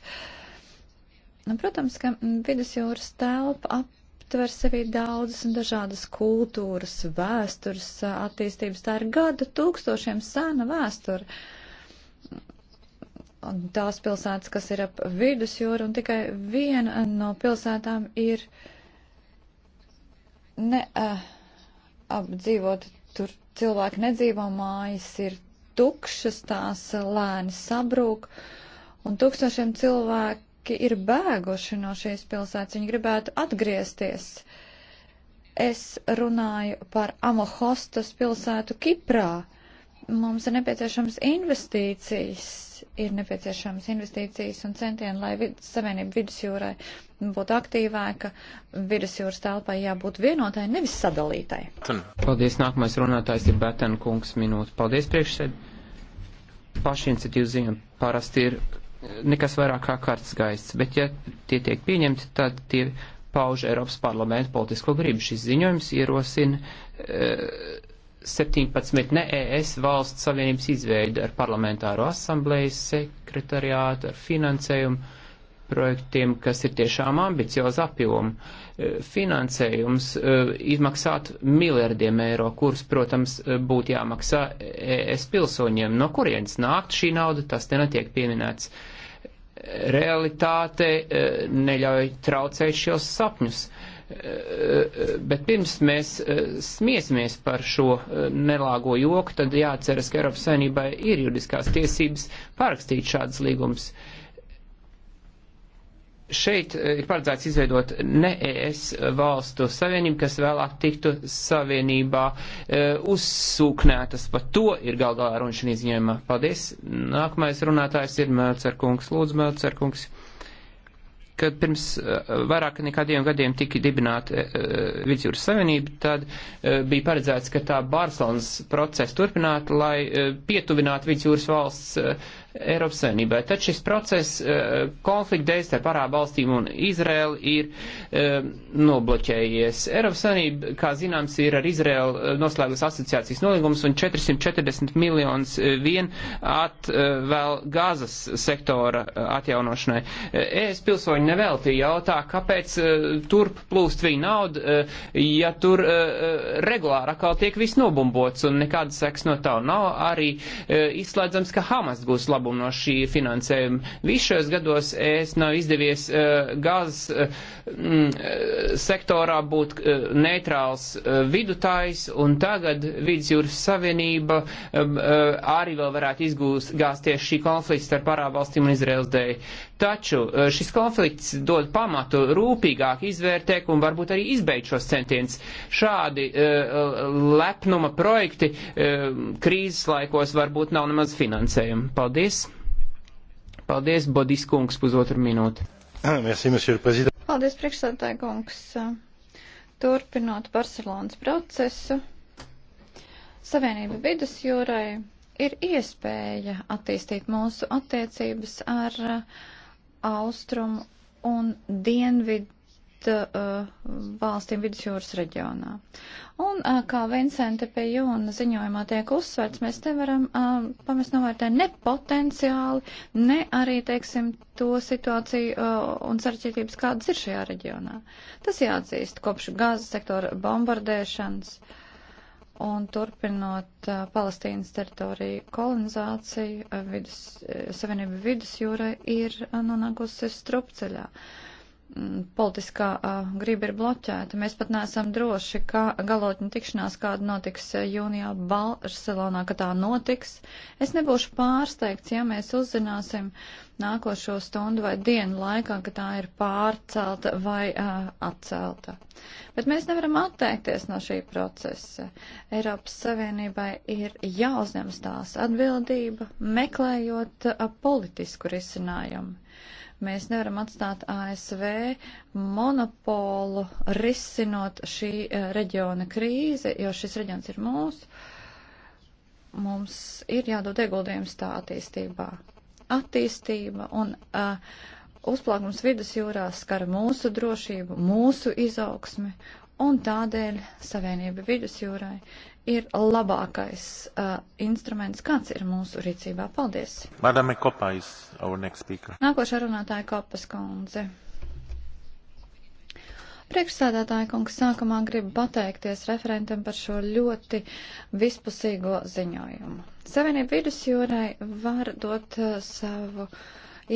Nu, protams, ka vidusjūras telpa ap aptver sevī daudzas un dažādas kultūras, vēstures, attīstības. Tā ir gadu tūkstošiem sena vēsture. Un tās pilsētas, kas ir ap vidusjūru, un tikai viena no pilsētām ir uh, neapdzīvot. Eh, tur cilvēki nedzīvo, mājas ir tukšas, tās lēni sabrūk, un tūkstošiem cilvēki ir bēguši no šīs pilsētas. Viņi gribētu atgriezties. Es runāju par Amahostas pilsētu Kiprā mums ir nepieciešams investīcijas, ir nepieciešams investīcijas un centieni, lai vid savienība vidusjūrai būtu aktīvāka, vidusjūras telpai jābūt vienotai, nevis sadalītai. Paldies, nākamais runātājs ir Betena kungs minūte. Paldies, priekšsēd. Pašiniciatīva ziņa parasti ir eh, nekas vairāk kā kārtas gaists, bet ja tie tiek pieņemti, tad tie pauž Eiropas parlamentu politisko gribu. Šis ziņojums ierosina. E, 17 ne ES valsts savienības izveidi ar parlamentāro asamblejas sekretariātu, ar finansējumu projektiem, kas ir tiešām ambiciozi apjomu. E, finansējums e, izmaksātu miljardiem eiro, kurus, protams, e, būtu jāmaksā ES pilsoņiem. No kurienes nākt šī nauda, tas te netiek pieminēts. Realitāte neļauj traucēt šos sapņus. Uh, Eh, eh, bet pirms mēs eh, smiesamies par šo nelāgo joku, tad jāatceras, ka Eiropas Savienībai ir juridiskās tiesības parakstīt šādas līgumas. Šeit ir paredzēts izveidot ne ES valstu savienību, kas vēlāk tiktu savienībā e, uzsūknētas. Par to ir gal galā runa šī izņēma. Paldies. Nākamais runātājs ir Melcerkungs. Lūdzu, Melcerkungs. kungs kad pirms eh, vairāk nekā diviem gadiem tika dibināta uh, Vidusjūras Savienība, tad uh, bija paredzēts, ka tā Barcelonas procesa turpinātu, lai uh, pietuvinātu Vidusjūras valsts Eiropas Savienībai. Tad šis process eh, konflikta dēļ starp Arābu valstīm un Izraēlu ir eh, nobloķējies. Eiropas Savienība, kā zināms, ir ar Izraēlu eh, noslēgus asociācijas nolīgums un 440 miljonus vien atvēl gazas sektora atjaunošanai. ES pilsoņi nevelti jautā, kāpēc turp plūst viņa nauda, ja tur regulāri atkal tiek viss nobumbots un nekādas seks no tā nav. Arī izslēdzams, ka Hamas būs labāk labumu no šī finansējuma. Visu šajos gados es nav izdevies uh, eh, gāzes uh, mm, eh, sektorā būt uh, neitrāls uh, vidutājs, un tagad Vidusjūras Savienība uh, uh, arī vēl varētu izgūst gāzties šī konflikta starp Arābalstīm un Izraels dēļ. Taču eh, šis konflikts dod pamatu rūpīgāk izvērtēt un varbūt arī izbeigt šos centienus. Šādi eh, lepnuma projekti eh, krīzes laikos varbūt nav nemaz finansējumi. Paldies! Paldies, Bodis kungs, pusotru minūti. Ah, merci, Paldies, priekšsēdētāji kungs. Turpinot Barcelonas procesu, Savienība vidusjūrai ir iespēja attīstīt mūsu attiecības ar uh, austrumu un dienvidu uh, valstīm vidusjūras reģionā. Un uh, kā Vincente pie jūna ziņojumā tiek uzsverts, mēs nevaram uh, pamest novērtē ne potenciāli, ne arī, teiksim, to situāciju uh, un sarķietības, kādas ir šajā reģionā. Tas jāatzīst kopš gāzes sektora bombardēšanas. Uh, Un turpinot uh, Palestīnas teritoriju kolonizāciju, uh, vidus, uh, Savienība vidusjūra ir uh, nonākusi strupceļā. Mm, politiskā uh, grība ir bloķēta. Mēs pat neesam droši, ka galotņu tikšanās kāda notiks jūnijā Barcelonā, ka tā notiks. Es nebūšu pārsteigts, ja mēs uzzināsim, uh, nākošo stundu vai dienu laikā, ka tā ir pārcelta vai uh, atcelta. Bet mēs nevaram atteikties no šī procesa. Eiropas Savienībai ir jāuzņemas tās atbildība, meklējot uh, politisku risinājumu. Mēs nevaram atstāt ASV monopolu risinot šī uh, reģiona krīzi, jo šis reģions ir mūsu. Mums ir jādod ieguldījums tā attīstībā attīstība un uh, uzplaukums vidusjūrā skar mūsu drošību, mūsu izaugsmi, un tādēļ Savienība vidusjūrai ir labākais uh, instruments, kāds ir mūsu rīcībā. Paldies! Madame Kopais, our next speaker. Nākošā runātāja Kopas kundze. Priekšsēdētāja kungs sākumā grib pateikties referentam par šo ļoti vispusīgo ziņojumu. Savienība vidusjūrai var dot uh, savu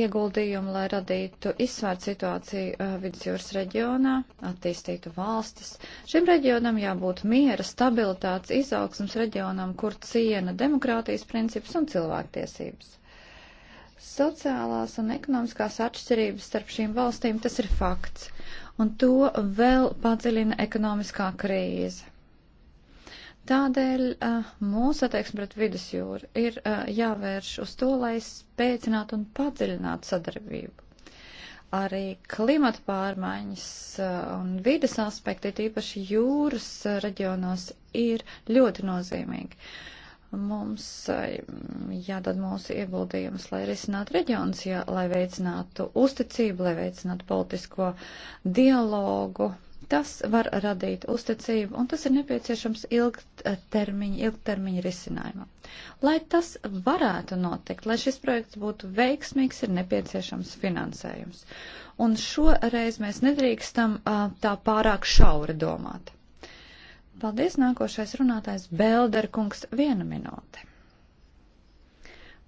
ieguldījumu, lai radītu izsvērtu situāciju uh, vidusjūras reģionā, attīstītu valstis. Šim reģionam jābūt miera, stabilitātes, izaugsmas reģionam, kur ciena demokrātijas princips un cilvēktiesības. Sociālās un ekonomiskās atšķirības starp šīm valstīm tas ir fakts un to vēl padziļina ekonomiskā krīze. Tādēļ eh, mūsu attieksme pret vidusjūru ir eh, jāvērš uz to, lai spēcinātu un padziļinātu sadarbību. Arī klimata pārmaiņas eh, un vidas aspekti, tīpaši jūras reģionos, ir ļoti nozīmīgi. Uh, Mums eh, jādod mūsu ieguldījums, lai risinātu reģions, ja, lai veicinātu uzticību, lai veicinātu politisko dialogu. Tas var radīt uzticību, un tas ir nepieciešams ilgtermiņa, ilgtermiņa risinājumam. Lai tas varētu notikt, lai šis projekts būtu veiksmīgs, ir nepieciešams finansējums. Un šoreiz mēs nedrīkstam eh, tā pārāk šauri domāt Paldies, nākošais runātājs Belderkungs, viena minūte.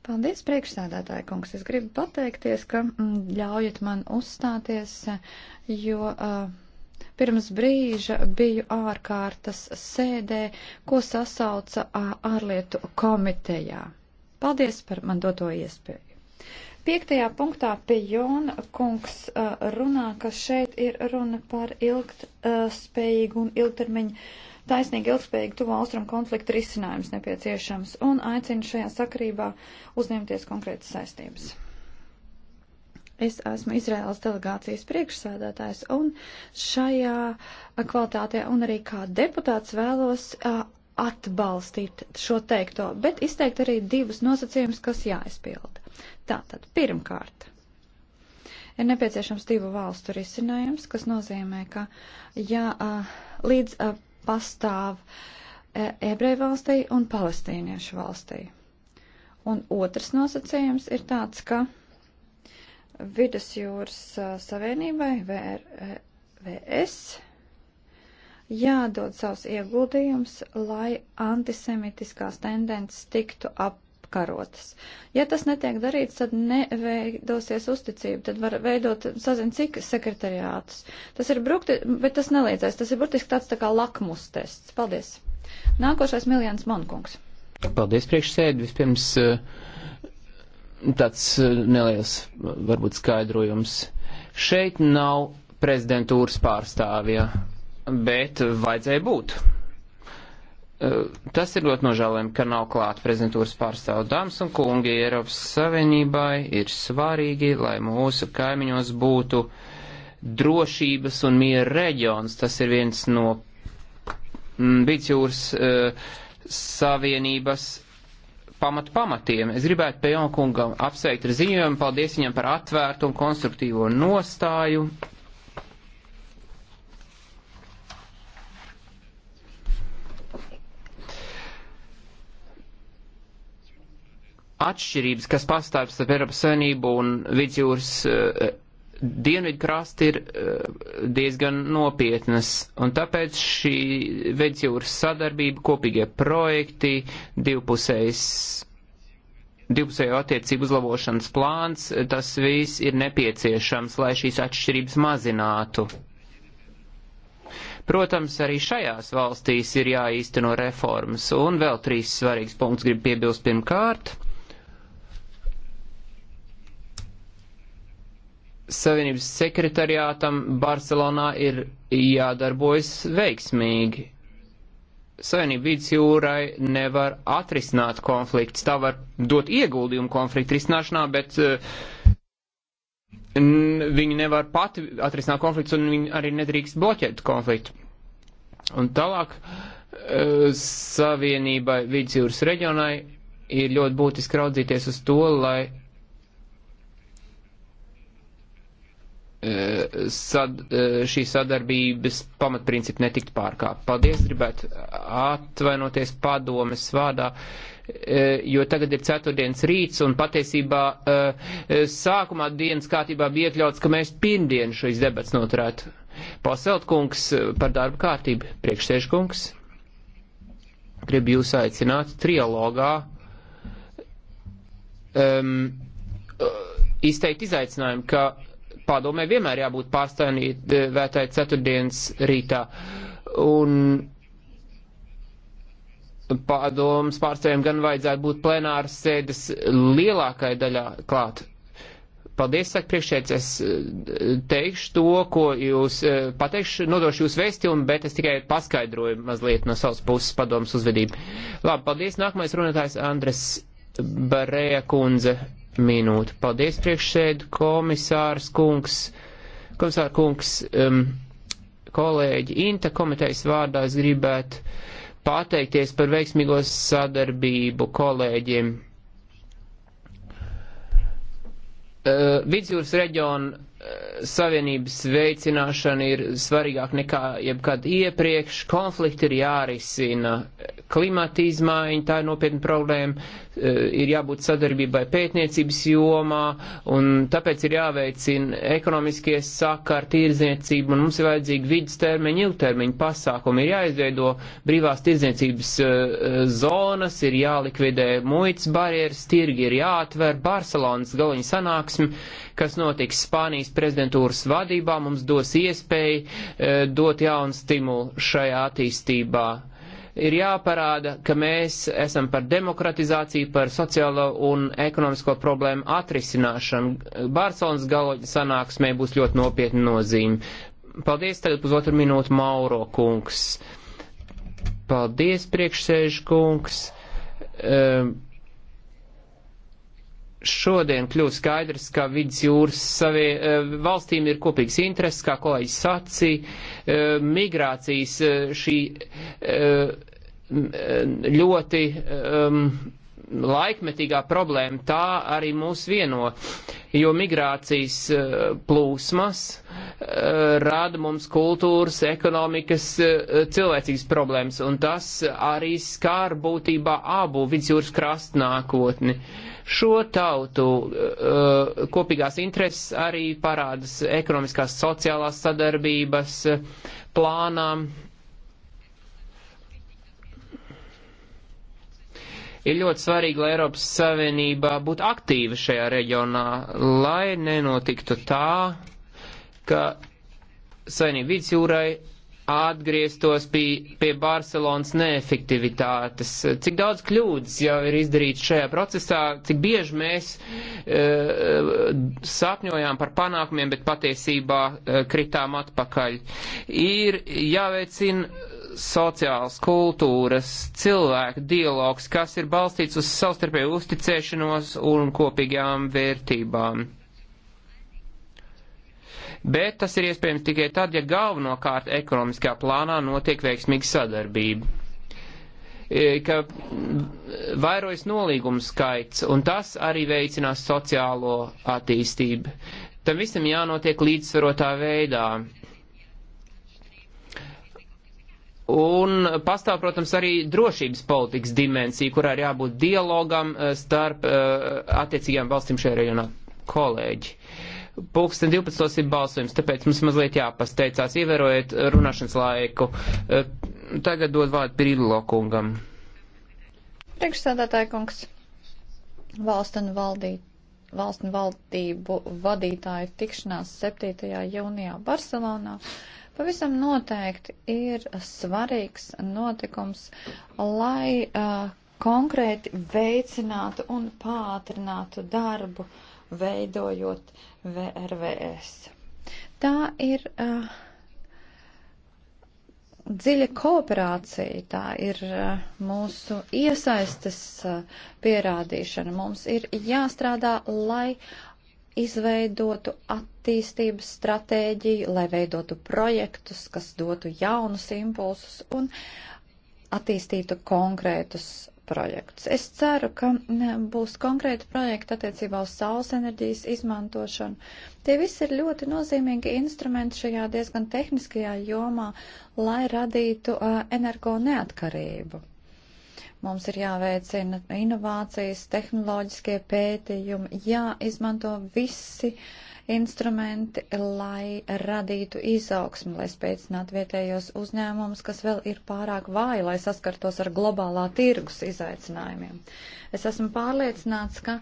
Paldies, priekšsādātāja kungs. Es gribu pateikties, ka mm, ļaujat man uzstāties, jo uh, pirms brīža biju ārkārtas sēdē, ko sasauca uh, ārlietu komitejā. Paldies par man doto iespēju. Piektajā punktā Pijona kungs uh, runā, ka šeit ir runa par ilgtspējīgu un ilgtermiņu taisnīgi ilgspējīgi tuvo austrumu konfliktu risinājums nepieciešams un aicina šajā sakarībā uzņemties konkrētas saistības. Es esmu Izraēlas delegācijas priekšsēdētājs un šajā kvalitātē un arī kā deputāts vēlos atbalstīt šo teikto, bet izteikt arī divus nosacījumus, kas jāizpilda. Tātad, pirmkārt, ir nepieciešams divu valstu risinājums, kas nozīmē, ka ja līdz pastāv e, ebreju valstī un palestīniešu valstī. Un otrs nosacījums ir tāds, ka Vidusjūras e, Savienībai VRVS e jādod savs ieguldījums, lai antisemitiskās tendences tiktu ap karotas. Ja tas netiek darīts, tad neveidosies uzticība, tad var veidot sazin cik sekretariātus. Tas ir brukti, bet tas nelīdzēs. Tas ir burtiski tāds tā kā lakmus tests. Paldies. Nākošais Miljans Monkungs. Paldies priekšsēdi. Vispirms eh, tāds eh, neliels varbūt skaidrojums. Šeit nav prezidentūras pārstāvja, bet vajadzēja būt. Eh, tas ir ļoti nožēlojami, ka nav klāt prezidentūras pārstāvu dāmas un kungi. Eiropas Savienībai ir svarīgi, lai mūsu kaimiņos būtu drošības un miera reģions. Tas ir viens no mm, Vidusjūras uh, Savienības pamat pamatiem. Es gribētu Pejonkungam apsveikt ar ziņojumu, paldies viņam par atvērtu un konstruktīvo nostāju atšķirības, kas pastāv starp Eiropas Savienību un Vidzjūras uh, eh, dienvidu krasti ir eh, diezgan nopietnas, un tāpēc šī vedzjūras sadarbība, kopīgie projekti, divpusējas, divpusējo attiecību uzlabošanas plāns, eh, tas viss ir nepieciešams, lai šīs atšķirības mazinātu. Protams, arī šajās valstīs ir jāīsteno reformas, un vēl trīs svarīgs punkts grib piebilst pirmkārt Savienības sekretariātam Barcelonā ir jādarbojas veiksmīgi. Savienība vidus jūrai nevar atrisināt konflikts. Tā var dot ieguldījumu konfliktu risināšanā, bet uh, viņi nevar pati atrisināt konflikts un viņi arī nedrīkst bloķēt konfliktu. Un tālāk uh, savienībai vidusjūras reģionai ir ļoti būtiski raudzīties uz to, lai Eh, sad, eh, šī sadarbības pamatprincipi netikt pārkāpt. Paldies, gribētu atvainoties padomes vārdā, eh, jo tagad ir ceturtdienas rīts un patiesībā sākumā dienas kārtībā bija iekļauts, ka mēs pirmdien šīs debats noturētu. Paselt kungs par darba kārtību, priekšsēž kungs. Gribu jūs aicināt trialogā. Um, izteikt izaicinājumu, ka padomē vienmēr jābūt pārstāvētai e, ceturtdienas rītā. Un padomas pārstāvjiem gan vajadzētu būt plenāras sēdes lielākai daļā klāt. Paldies, saka priekšēts, es e, teikšu to, ko jūs e, pateikšu, nodošu jūs vēstījumu, bet es tikai paskaidroju mazliet no savas puses padomas uzvedību. Labi, paldies, nākamais runātājs Andres Barēja kundze minūte. Paldies, priekšsēdu, komisārs kungs, komisāra kungs, um, kolēģi Inta komitejas vārdā es gribētu pateikties par veiksmīgo sadarbību kolēģiem. Uh, Vidzjūras reģiona uh, savienības veicināšana ir svarīgāk nekā jebkad iepriekš. Konflikti ir jārisina. Klimata izmaiņa, tā ir nopietna problēma. Eh, ir jābūt sadarbībai pētniecības jomā, un tāpēc ir jāveicina ekonomiskie sakari, tirdzniecība, un mums ir vajadzīgi vidustermiņa, ilgtermiņa pasākumi. Ir jāizveido brīvās tirdzniecības eh, zonas, ir jālikvidē muitas barjeras, tirgi ir jāatver, Barcelonas galiņa sanāksme, kas notiks Spānijas prezidentūras vadībā, mums dos iespēju eh, dot jaunu stimulu šajā attīstībā ir jāparāda, ka mēs esam par demokratizāciju, par sociālo un ekonomisko problēmu atrisināšanu. Barcelonas galoģa sanāksmē būs ļoti nopietna nozīme. Paldies, tagad pusotru minūtu Mauro kungs. Paldies, priekšsēžu kungs. Um, šodien kļūst skaidrs, ka vidus jūras savie, e, valstīm ir kopīgs intereses, kā kolēģis sacīja, e, migrācijas e, šī ļoti um, laikmetīgā problēma, tā arī mūs vieno, jo migrācijas plūsmas rada mums kultūras, ekonomikas, cilvēcīgas problēmas, un tas arī skār būtībā abu vidusjūras krastu nākotni. Uh, Šo tautu uh, kopīgās intereses arī parādas ekonomiskās sociālās sadarbības eh, plānām. Ir ļoti svarīgi, lai Eiropas Savienība būtu aktīva šajā reģionā, lai nenotiktu tā, ka Savienība vidusjūrai atgrieztos pie, pie Barcelonas neefektivitātes. Cik daudz kļūdas jau ir izdarīts šajā procesā, cik bieži mēs e, sapņojām par panākumiem, bet patiesībā e, kritām atpakaļ. Ir jāveicina sociāls, kultūras, cilvēku dialogs, kas ir balstīts uz savstarpēju uzticēšanos un kopīgām vērtībām bet tas ir iespējams tikai tad, ja galvenokārt ekonomiskā plānā notiek veiksmīga sadarbība e, ka vairojas nolīgumu skaits, un tas arī veicinās sociālo attīstību. Tam visam jānotiek līdzsvarotā veidā. Un pastāv, protams, arī drošības politikas dimensija, kurā ir jābūt dialogam e, starp e, attiecīgām valstīm šajā reģionā. Kolēģi, Pulksten 12. ir balsojums, tāpēc mums mazliet jāpasteicās, ievērojiet runāšanas laiku. E, tagad dod vārdu Pirilo kungam. Priekšsēdētāja kungs, valsts un valdība valstu un valdību vadītāju tikšanās 7. jūnijā Barcelonā pavisam noteikti ir svarīgs notikums, lai uh, konkrēti veicinātu un pātrinātu darbu uh, veidojot VRVS. Tā ir uh, dziļa kooperācija, tā ir uh, mūsu iesaistes uh, pierādīšana. Mums ir jāstrādā, lai izveidotu attīstības stratēģiju, lai veidotu projektus, kas dotu jaunus impulsus un attīstītu konkrētus projektus. Es ceru, ka būs konkrēti projekti attiecībā uz saules enerģijas izmantošanu. Tie visi ir ļoti nozīmīgi instrumenti šajā diezgan tehniskajā jomā, lai radītu energo neatkarību. Mums ir jāveicina inovācijas, tehnoloģiskie pētījumi, jāizmanto visi uh, instrumenti, lai radītu izaugsmi, lai spēcinātu vietējos uzņēmumus, kas vēl ir pārāk vāji, lai saskartos ar globālā tirgus izaicinājumiem. Es esmu pārliecināts, ka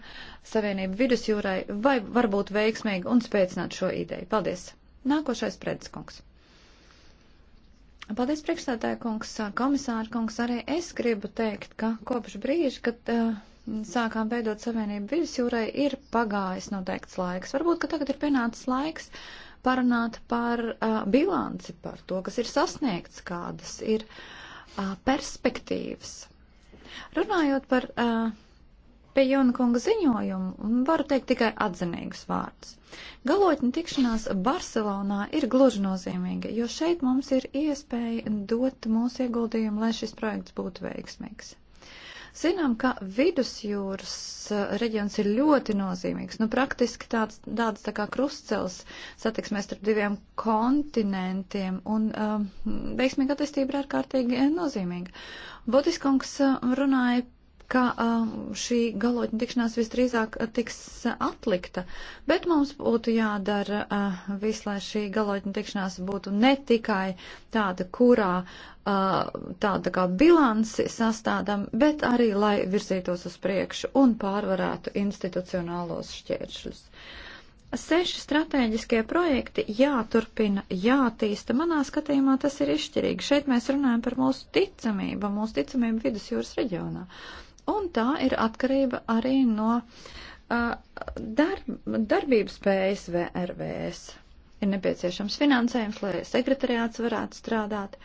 Savienība vidusjūrai vai varbūt veiksmīgi un spēcināt šo ideju. Paldies! Nākošais predzkungs. Paldies, priekšstādāja kungs, komisāra kungs. Arī es gribu teikt, ka kopš brīža, kad uh, sākām veidot savienību vidusjūrai, ir pagājis noteikts laiks. Varbūt, ka tagad ir pienācis laiks parunāt par uh, bilanci, par to, kas ir sasniegts, kādas ir uh, perspektīvas. Runājot par uh, pie Jonkunga ziņojumu, varu teikt tikai atzinīgus vārdus. Galotņa tikšanās Barcelonā ir gluži nozīmīga, jo šeit mums ir iespēja dot mūsu ieguldījumu, lai šis projekts būtu veiksmīgs. Zinām, ka vidusjūras eh, reģions ir ļoti nozīmīgs. Nu, praktiski tāds, tāds tā kā krustcels satiksmēs starp diviem kontinentiem, un um, veiksmīga attīstība ir ārkārtīgi nozīmīga. Botiskungs eh, runāja ka šī galotņa tikšanās visdrīzāk tiks atlikta, bet mums būtu jādara viss, lai šī galotņa tikšanās būtu ne tikai tāda, kurā tāda kā bilanci sastādam, bet arī, lai virzītos uz priekšu un pārvarētu institucionālos šķēršļus. Seši strateģiskie projekti jāturpina, jātīsta. Manā skatījumā tas ir izšķirīgi. Šeit mēs runājam par mūsu ticamību, mūsu ticamību vidusjūras reģionā. Uh, Un tā ir atkarība arī no uh, darb, darbības spējas VRVS. Ir nepieciešams finansējums, lai sekretariāts varētu strādāt,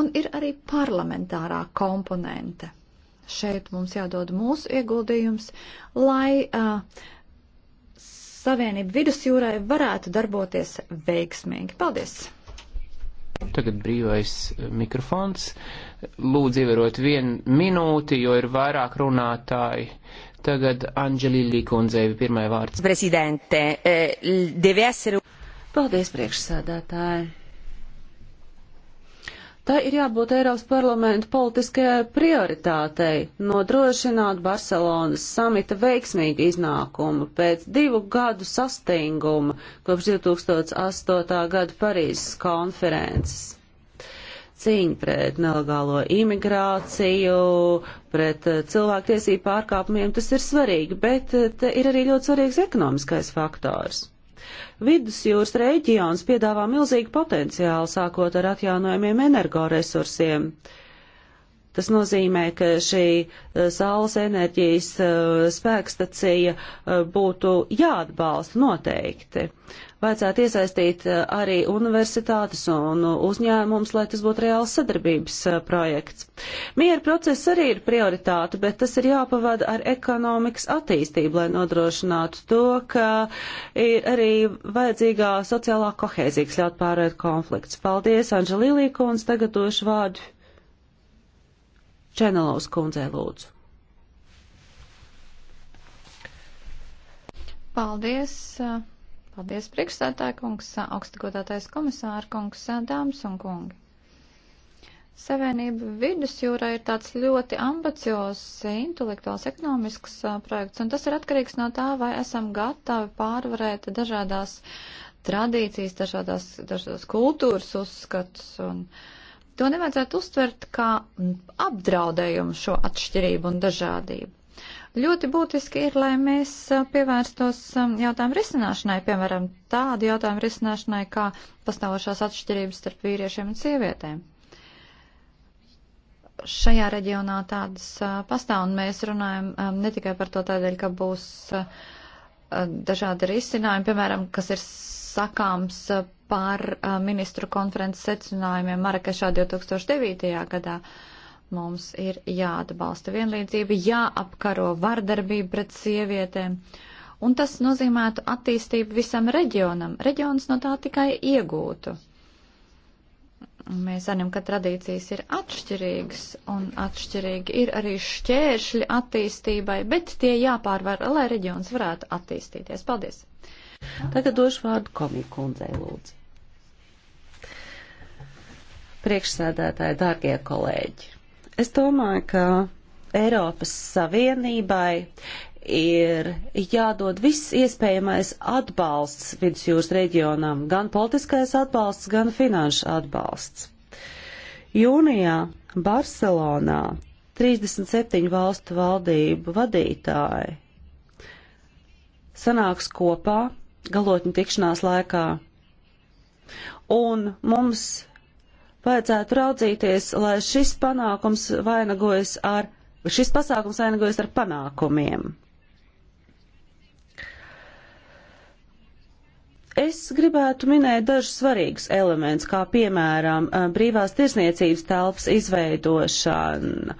un ir arī parlamentārā komponente. Šeit mums jādod mūsu ieguldījums, lai uh, Savienība vidusjūrai varētu darboties veiksmīgi. Paldies! Tagad brīvais eh, mikrofons. Lūdzu, ievērot vienu minūti, jo ir vairāk runātāji. Tagad Anģelīlī kundzei pirmai vārds. Prezidente, eh, deve essere. Paldies, priekšsādātāji. Tā ir jābūt Eiropas parlamenta politiskajai prioritātei - nodrošināt Barcelonas samita veiksmīgu iznākumu pēc divu gadu sastinguma kopš 2008. gada Parīzes konferences. Cīņa pret nelegālo imigrāciju, pret eh, cilvēktiesību pārkāpumiem, tas ir svarīgi, bet eh, te ir arī ļoti svarīgs ekonomiskais faktors. Vidusjūras reģions piedāvā milzīgu potenciālu, sākot ar atjaunojumiem energoresursiem. Tas nozīmē, ka šī eh, saules enerģijas eh, spēkstacija eh, būtu jāatbalsta noteikti vajadzētu iesaistīt eh, arī universitātes un uzņēmumus, lai tas būtu reāls sadarbības eh, projekts. Miera process arī ir prioritāte, bet tas ir jāpavada ar ekonomikas attīstību, lai nodrošinātu to, ka ir arī vajadzīgā sociālā kohēzija, kas ļaut pārvarēt konflikts. Paldies, Anželīlī kundze, tagad došu vārdu Čenelovs kundzei lūdzu. Paldies! Paldies, priekšstādāja kungs, augstagotātais komisāra kungs, dāmas un kungi. Savienība vidusjūrā ir tāds ļoti ambiciozs intelektuāls ekonomisks uh, projekts, un tas ir atkarīgs no tā, vai esam gatavi pārvarēt dažādās tradīcijas, dažādās, dažādās kultūras uzskatus. Un to nevajadzētu uztvert kā apdraudējumu šo atšķirību un dažādību. Ļoti būtiski ir, lai mēs pievērstos jautājumu risināšanai, piemēram, tādu jautājumu risināšanai, kā pastāvošās atšķirības starp vīriešiem un sievietēm. Šajā reģionā tādas pastāv, un mēs runājam ne tikai par to tādēļ, ka būs dažādi risinājumi, piemēram, kas ir sakāms par ministru konferences secinājumiem Marakešā 2009. gadā Mums ir jāatbalsta vienlīdzība, jāapkaro vardarbība pret sievietēm. Un tas nozīmētu attīstību visam reģionam. Reģions no tā tikai iegūtu. Mēs zinām, ka tradīcijas ir atšķirīgas, un atšķirīgi ir arī šķēršļi attīstībai, bet tie jāpārvar, lai reģions varētu attīstīties. Paldies! Tagad došu vārdu komiju kundzei, lūdzu. Priekšsēdētāji, dārgie kolēģi! Es domāju, ka Eiropas Savienībai ir jādod viss iespējamais atbalsts vidusjūras reģionam, gan politiskais atbalsts, gan finanšu atbalsts. Jūnijā Barcelonā 37 valstu valdību vadītāji sanāks kopā galotņu tikšanās laikā, un mums vajadzētu raudzīties, lai šis panākums vainagojas ar, šis pasākums vainagojas ar panākumiem. Es gribētu minēt dažus svarīgus elementus, kā piemēram eh, brīvās tirsniecības telpas izveidošana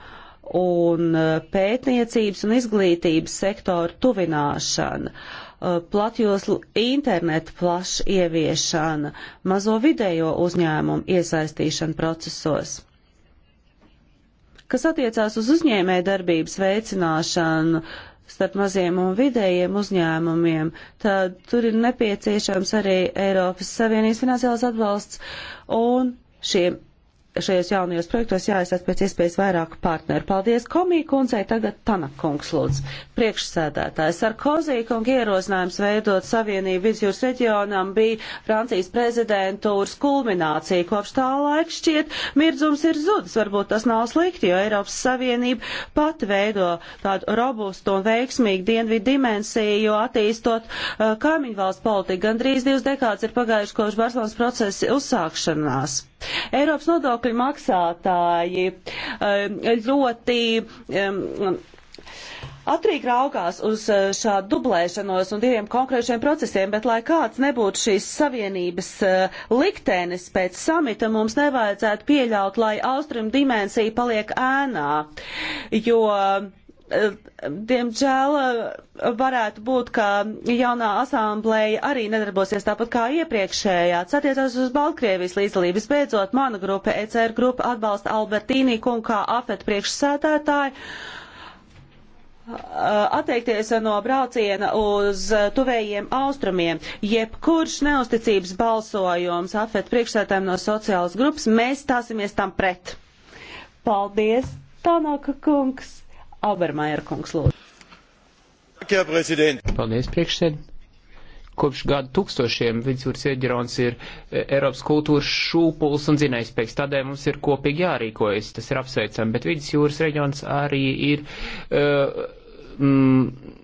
un eh, pētniecības un izglītības sektoru tuvināšana. Uh, Uh, platjoslu internetu plaša ieviešana, mazo vidējo uzņēmumu iesaistīšana procesos. Kas attiecās uz uzņēmē darbības veicināšanu starp maziem un vidējiem uzņēmumiem, tad tur ir nepieciešams arī Eiropas Savienības finansiāls atbalsts un šiem šajos jaunajos projektos jāiesaist pēc iespējas vairāk partneru. Paldies komiju kundzei, tagad Tanakungs lūdzu. Priekšsēdētājs ar Koziju kungu ierosinājums veidot savienību vidusjūras reģionam bija Francijas prezidentūras kulminācija. Kopš tā laika šķiet mirdzums ir zudis. Varbūt tas nav slikti, jo Eiropas Savienība pat veido tādu robustu un veiksmīgu dienvidu dimensiju, jo attīstot uh, kaimiņu valsts politiku. Gan drīz divas dekādas ir pagājušas kopš Barcelonas procesa uzsākšanās. Eiropas nodokļu maksātāji eh, ļoti atrīgi raugās uz eh, šādu dublēšanos un diviem konkrētiem procesiem, bet lai kāds nebūtu šīs savienības eh, liktenis pēc samita, mums nevajadzētu pieļaut, lai austrumu dimensija paliek ēnā, jo Diemžēl eh, varētu būt, ka jaunā asamblēja arī nedarbosies tāpat kā iepriekšējā. Satiecās uz Baltkrievijas līdzdalības beidzot, mana grupa, ECR grupa atbalsta Albertīnī kungu kā afet priekšsētētāju eh, atteikties no brauciena uz tuvējiem austrumiem. Jebkurš neusticības balsojums afet priekšsētājiem no sociālas grupas, mēs stāsimies tam pret. Paldies, Tanaka kungs! Obermajer kungs lūdzu. Paldies, priekšsēd. Kopš gada tūkstošiem vidusjūras reģions ir e, Eiropas kultūras šūpuls un zinājspēks, tādēļ mums ir kopīgi jārīkojas, tas ir apsveicami, bet vidusjūras reģions arī ir. Uh, mm,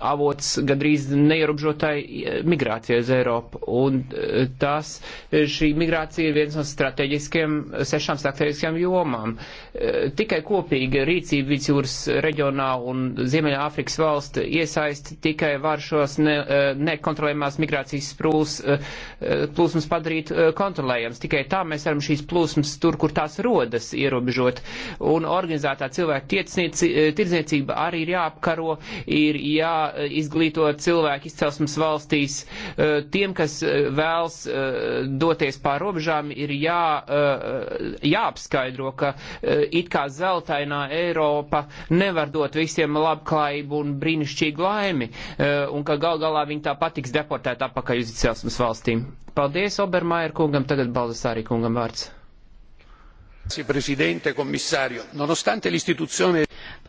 avots gandrīz neierobežotai eh, migrācijai uz Eiropu. Un eh, tas, eh, šī migrācija ir viens no strateģiskiem, sešām strateģiskajām jomām. Tikai kopīga rīcība vidusjūras reģionā un Ziemeļa Āfrikas valsts iesaist tikai var šos ne, nekontrolējumās migrācijas sprūs, plūsmas padarīt kontrolējams. Tikai tā mēs varam šīs plūsmas tur, kur tās rodas, ierobežot. Un organizētā cilvēka tirdzniecība arī ir jāapkaro, ir jā jāizglīto eh, cilvēki izcelsmes valstīs. Eh, tiem, kas eh, vēlas doties pār robežām, ir jā, jāapskaidro, ka it kā zeltainā Eiropa nevar dot visiem labklājību un brīnišķīgu laimi, un ka gal galā viņi tāpat tiks deportēti atpakaļ uz izcelsmes valstīm. Paldies Obermaier kungam, tagad Baldasārī kungam vārds.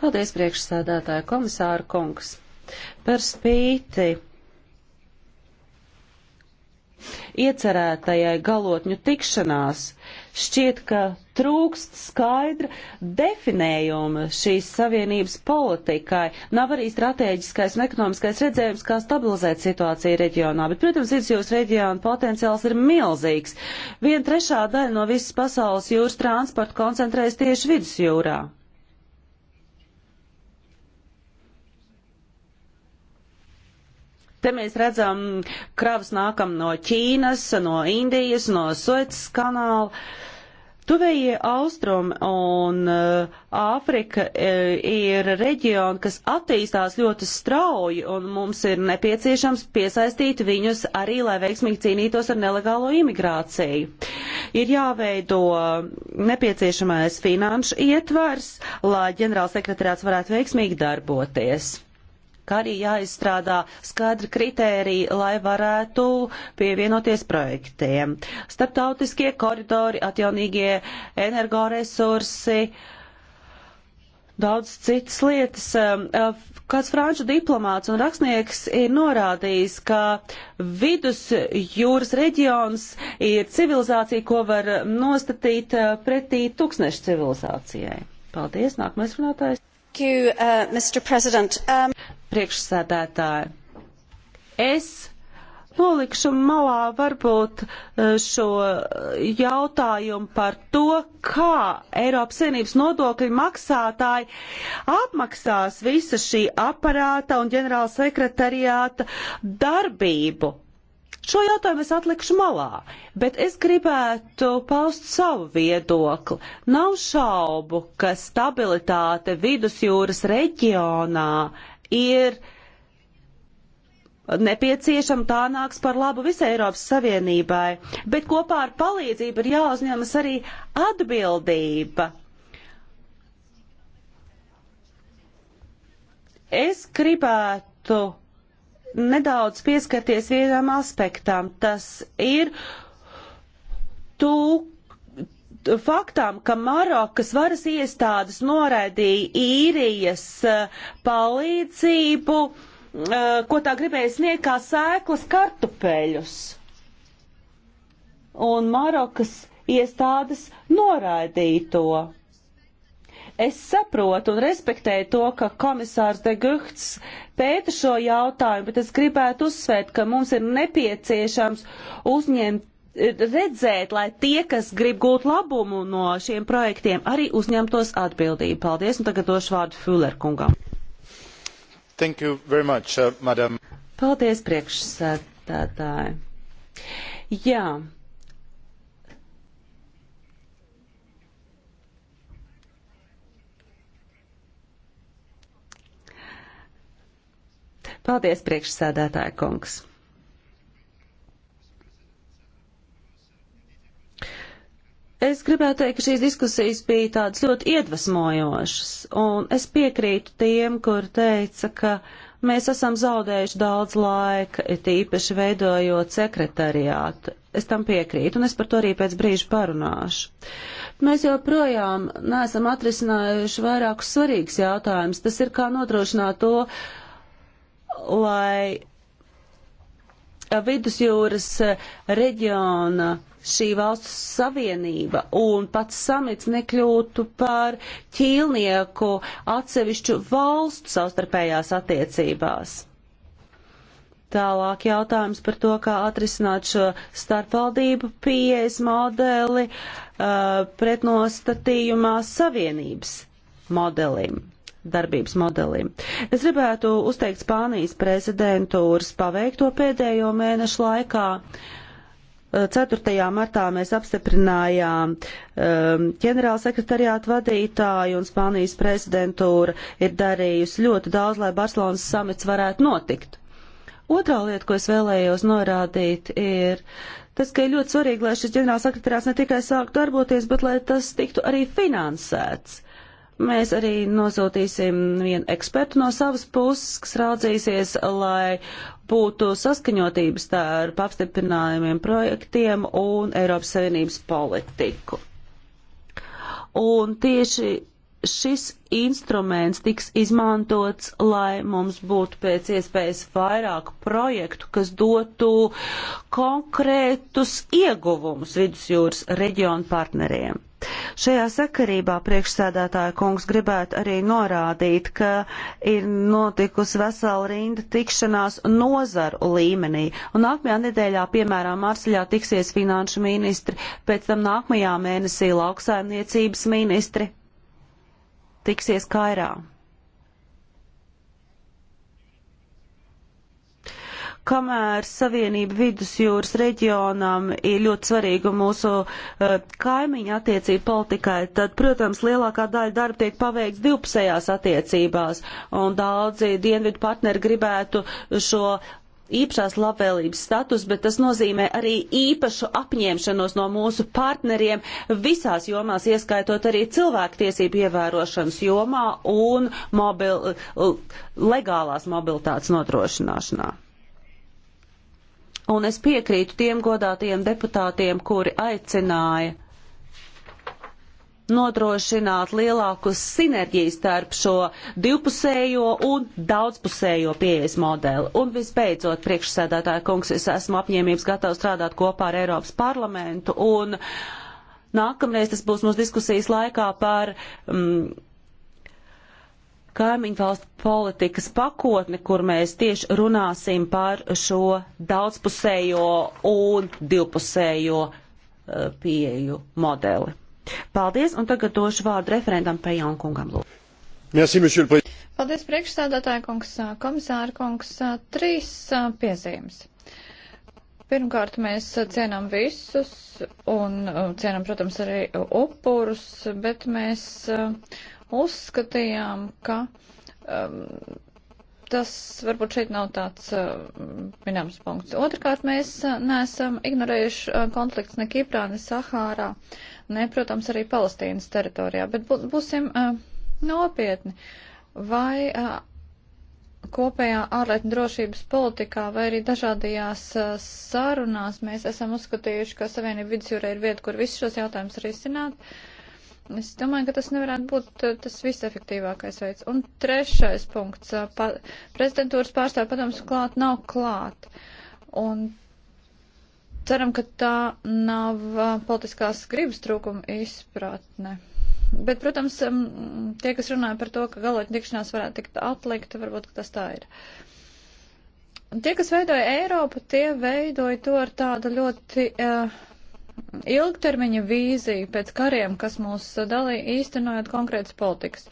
Paldies, priekšsēdētāja komisāra kungs. Par spīti iecerētajai galotņu tikšanās šķiet, ka trūkst skaidra definējuma šīs savienības politikai. Nav arī strateģiskais un ekonomiskais redzējums, kā stabilizēt situāciju reģionā, bet, protams, vidusjūras reģiona potenciāls ir milzīgs. Viena trešā daļa no visas pasaules jūras transporta koncentrējas tieši vidusjūrā. Te mēs redzam, kravas nākam no Ķīnas, no Indijas, no Suecas kanāla. Tuvējie austrumi un uh, Āfrika uh, ir reģioni, kas attīstās ļoti strauji, un mums ir nepieciešams piesaistīt viņus arī, lai veiksmīgi cīnītos ar nelegālo imigrāciju. Ir jāveido nepieciešamais finanšu ietvars, lai ģenerālsekretariāts varētu veiksmīgi darboties kā arī jāizstrādā skaidri kritēriji, lai varētu pievienoties projektiem. Startautiskie koridori, atjaunīgie energoresursi, daudz citas lietas. Kāds franču diplomāts un rakstnieks ir norādījis, ka vidus jūras reģions ir civilizācija, ko var nostatīt eh, pretī tūkstnešu civilizācijai. Paldies, nākamais runātājs. You, uh, um... Priekšsēdētāji, es nolikšu malā varbūt uh, šo jautājumu par to, kā Eiropas Savienības nodokļu maksātāji apmaksās visa šī aparāta un ģenerāla sekretariāta darbību. Šo jautājumu es atlikšu malā, bet es gribētu paust savu viedokli. Nav šaubu, ka stabilitāte vidusjūras reģionā ir nepieciešama tā nāks par labu visai Eiropas Savienībai, bet kopā ar palīdzību ir jāuzņemas arī atbildība. Es gribētu nedaudz pieskarties vienam aspektam. Tas ir tūk faktām, ka Marokas varas iestādes noraidīja īrijas e, palīdzību, e, ko tā gribēja sniegt kā sēklas kartupeļus. Un Marokas iestādes noraidīja to. Es saprotu un respektēju to, ka komisārs de Guhts pēta šo jautājumu, bet es gribētu uzsvērt, ka mums ir nepieciešams uzņemt redzēt, lai tie, kas grib gūt labumu no šiem projektiem, arī uzņemtos atbildību. Paldies, un tagad došu vārdu Fuller kungam. Thank you very much, uh, madam. Paldies, priekšsēdētāji. Jā. Paldies, priekšsēdētāja kungs. Es gribētu teikt, ka šīs diskusijas bija tādas ļoti iedvesmojošas, un es piekrītu tiem, kur teica, ka mēs esam zaudējuši daudz laika, it īpaši veidojot sekretariātu. Es tam piekrītu, un es par to arī pēc brīža parunāšu. Mēs joprojām neesam atrisinājuši vairākus svarīgus jautājumus. Tas ir kā nodrošināt to, uh, lai vidusjūras reģiona šī valstu savienība un pats samits nekļūtu par ķīlnieku atsevišķu valstu savstarpējās attiecībās. Tālāk jautājums par to, kā atrisināt šo starpvaldību pieejas modeli uh, pretnostatījumā savienības modelim darbības modelim. Es gribētu uzteikt Spānijas prezidentūras paveikto pēdējo mēnešu laikā. 4. martā mēs apstiprinājām um, ģenerāla sekretariātu vadītāju un Spānijas prezidentūra ir darījusi ļoti daudz, lai Barcelonas samits varētu notikt. Otrā lieta, ko es vēlējos norādīt, ir tas, ka ir ļoti svarīgi, lai šis ģenerāls sekretariāts ne tikai sāktu darboties, bet lai tas tiktu arī finansēts. Mēs arī nosūtīsim vienu ekspertu no savas puses, kas raudzīsies, lai būtu saskaņotības starp apstiprinājumiem projektiem un Eiropas Savienības politiku. Un tieši šis instruments tiks izmantots, lai mums būtu pēc iespējas vairāk projektu, kas dotu konkrētus ieguvumus vidusjūras reģionu partneriem. Šajā sakarībā priekšsēdētāja kungs gribētu arī norādīt, ka ir notikusi vesela rinda tikšanās nozaru līmenī. Un nākamajā nedēļā, piemēram, Marseļā tiksies finanšu ministri, pēc tam nākamajā mēnesī lauksaimniecības ministri tiksies Kairā. kamēr Savienība vidusjūras reģionam ir ļoti svarīga mūsu uh, kaimiņa attiecība politikai, tad, protams, lielākā daļa darba tiek paveikts divpusējās attiecībās, un daudzi dienvidu partneri gribētu šo īpašās labvēlības status, bet tas nozīmē arī īpašu apņemšanos no mūsu partneriem visās jomās, ieskaitot arī cilvēktiesību ievērošanas jomā un mobil, legālās mobilitātes nodrošināšanā. Un es piekrītu tiem godātiem deputātiem, kuri aicināja nodrošināt lielāku sinerģiju starp šo divpusējo un daudzpusējo pieejas modeli. Un visbeidzot, priekšsēdētāja kungs, es esmu apņēmības gatavs strādāt kopā ar Eiropas parlamentu un nākamreiz tas būs mūsu diskusijas laikā par. Mm, kaimiņu valstu politikas pakotni, kur mēs tieši runāsim par šo daudzpusējo un divpusējo eh, pieju modeli. Paldies, un tagad došu vārdu referentam Pejonkungam. Paldies, priekšsādātāja kungs, komisāra kungs. Trīs eh, piezīmes. Pirmkārt, mēs cienām visus un eh, cienām, protams, arī upurus, bet mēs uzskatījām, ka um, tas varbūt šeit nav tāds uh, um, minams punkts. Otrakārt, mēs uh, neesam ignorējuši uh, konflikts ne Kiprā, ne Sahārā, ne, protams, arī Palestīnas teritorijā, bet bu būsim uh, nopietni. Vai uh, kopējā ārlietu drošības politikā vai arī dažādajās uh, sarunās mēs esam uzskatījuši, ka Savienība vidusjūrē ir vieta, kur visus šos jautājumus risināt? Uh, Es domāju, ka tas nevarētu būt eh, tas visefektīvākais veids. Un trešais punkts. Eh, pa, prezidentūras pārstāvja padoms klāt nav klāt. Un ceram, ka tā nav eh, politiskās gribas trūkuma izpratne. Bet, protams, tie, kas runāja par to, ka galotņu tikšanās varētu tikt atlikta, varbūt, ka tas tā ir. Un tie, kas veidoja Eiropu, tie veidoja to ar tādu ļoti. Uh, ilgtermiņa vīziju pēc kariem, kas mūs sadalīja, īstenojot konkrētas politikas.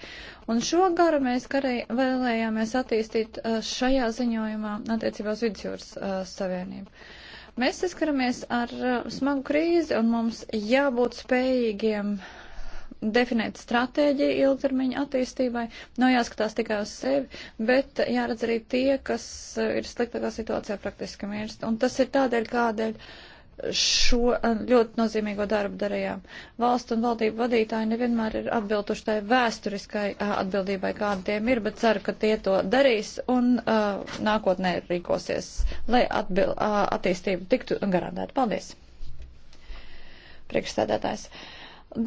Un šo garu mēs karei vēlējāmies attīstīt uh, šajā ziņojumā attiecībā uz vidusjūras uh, savienību. Mēs saskaramies ar uh, smagu krīzi un mums jābūt spējīgiem definēt stratēģiju ilgtermiņa attīstībai. Nav nu, jāskatās tikai uz sevi, bet jāredz arī tie, kas uh, ir sliktākā situācijā praktiski mirst. Un tas ir tādēļ, kādēļ. Uh, šo eh, ļoti nozīmīgo darbu darījām. Valstu un valdību vadītāji nevienmēr ir atbilduši tai vēsturiskai eh, atbildībai, kāda tiem ir, bet ceru, ka tie to darīs un uh, nākotnē rīkosies, lai atbil, uh, attīstību tiktu garantēta. Paldies! Priekšstādātājs.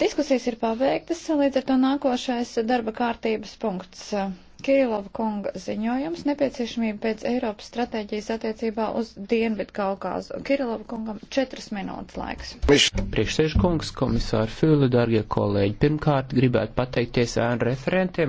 Diskusijas ir paveiktas, līdz ar to nākošais darba kārtības punkts. Uh, Kirilova kunga ziņojums nepieciešamība pēc Eiropas stratēģijas attiecībā uz Dienvidu Kaukāzu. Kirilova kungam četras minūtes laiks. Priekšsēžkungs, komisāri Fīle, dārgie kolēģi, pirmkārt gribētu pateikties ēnu referentiem.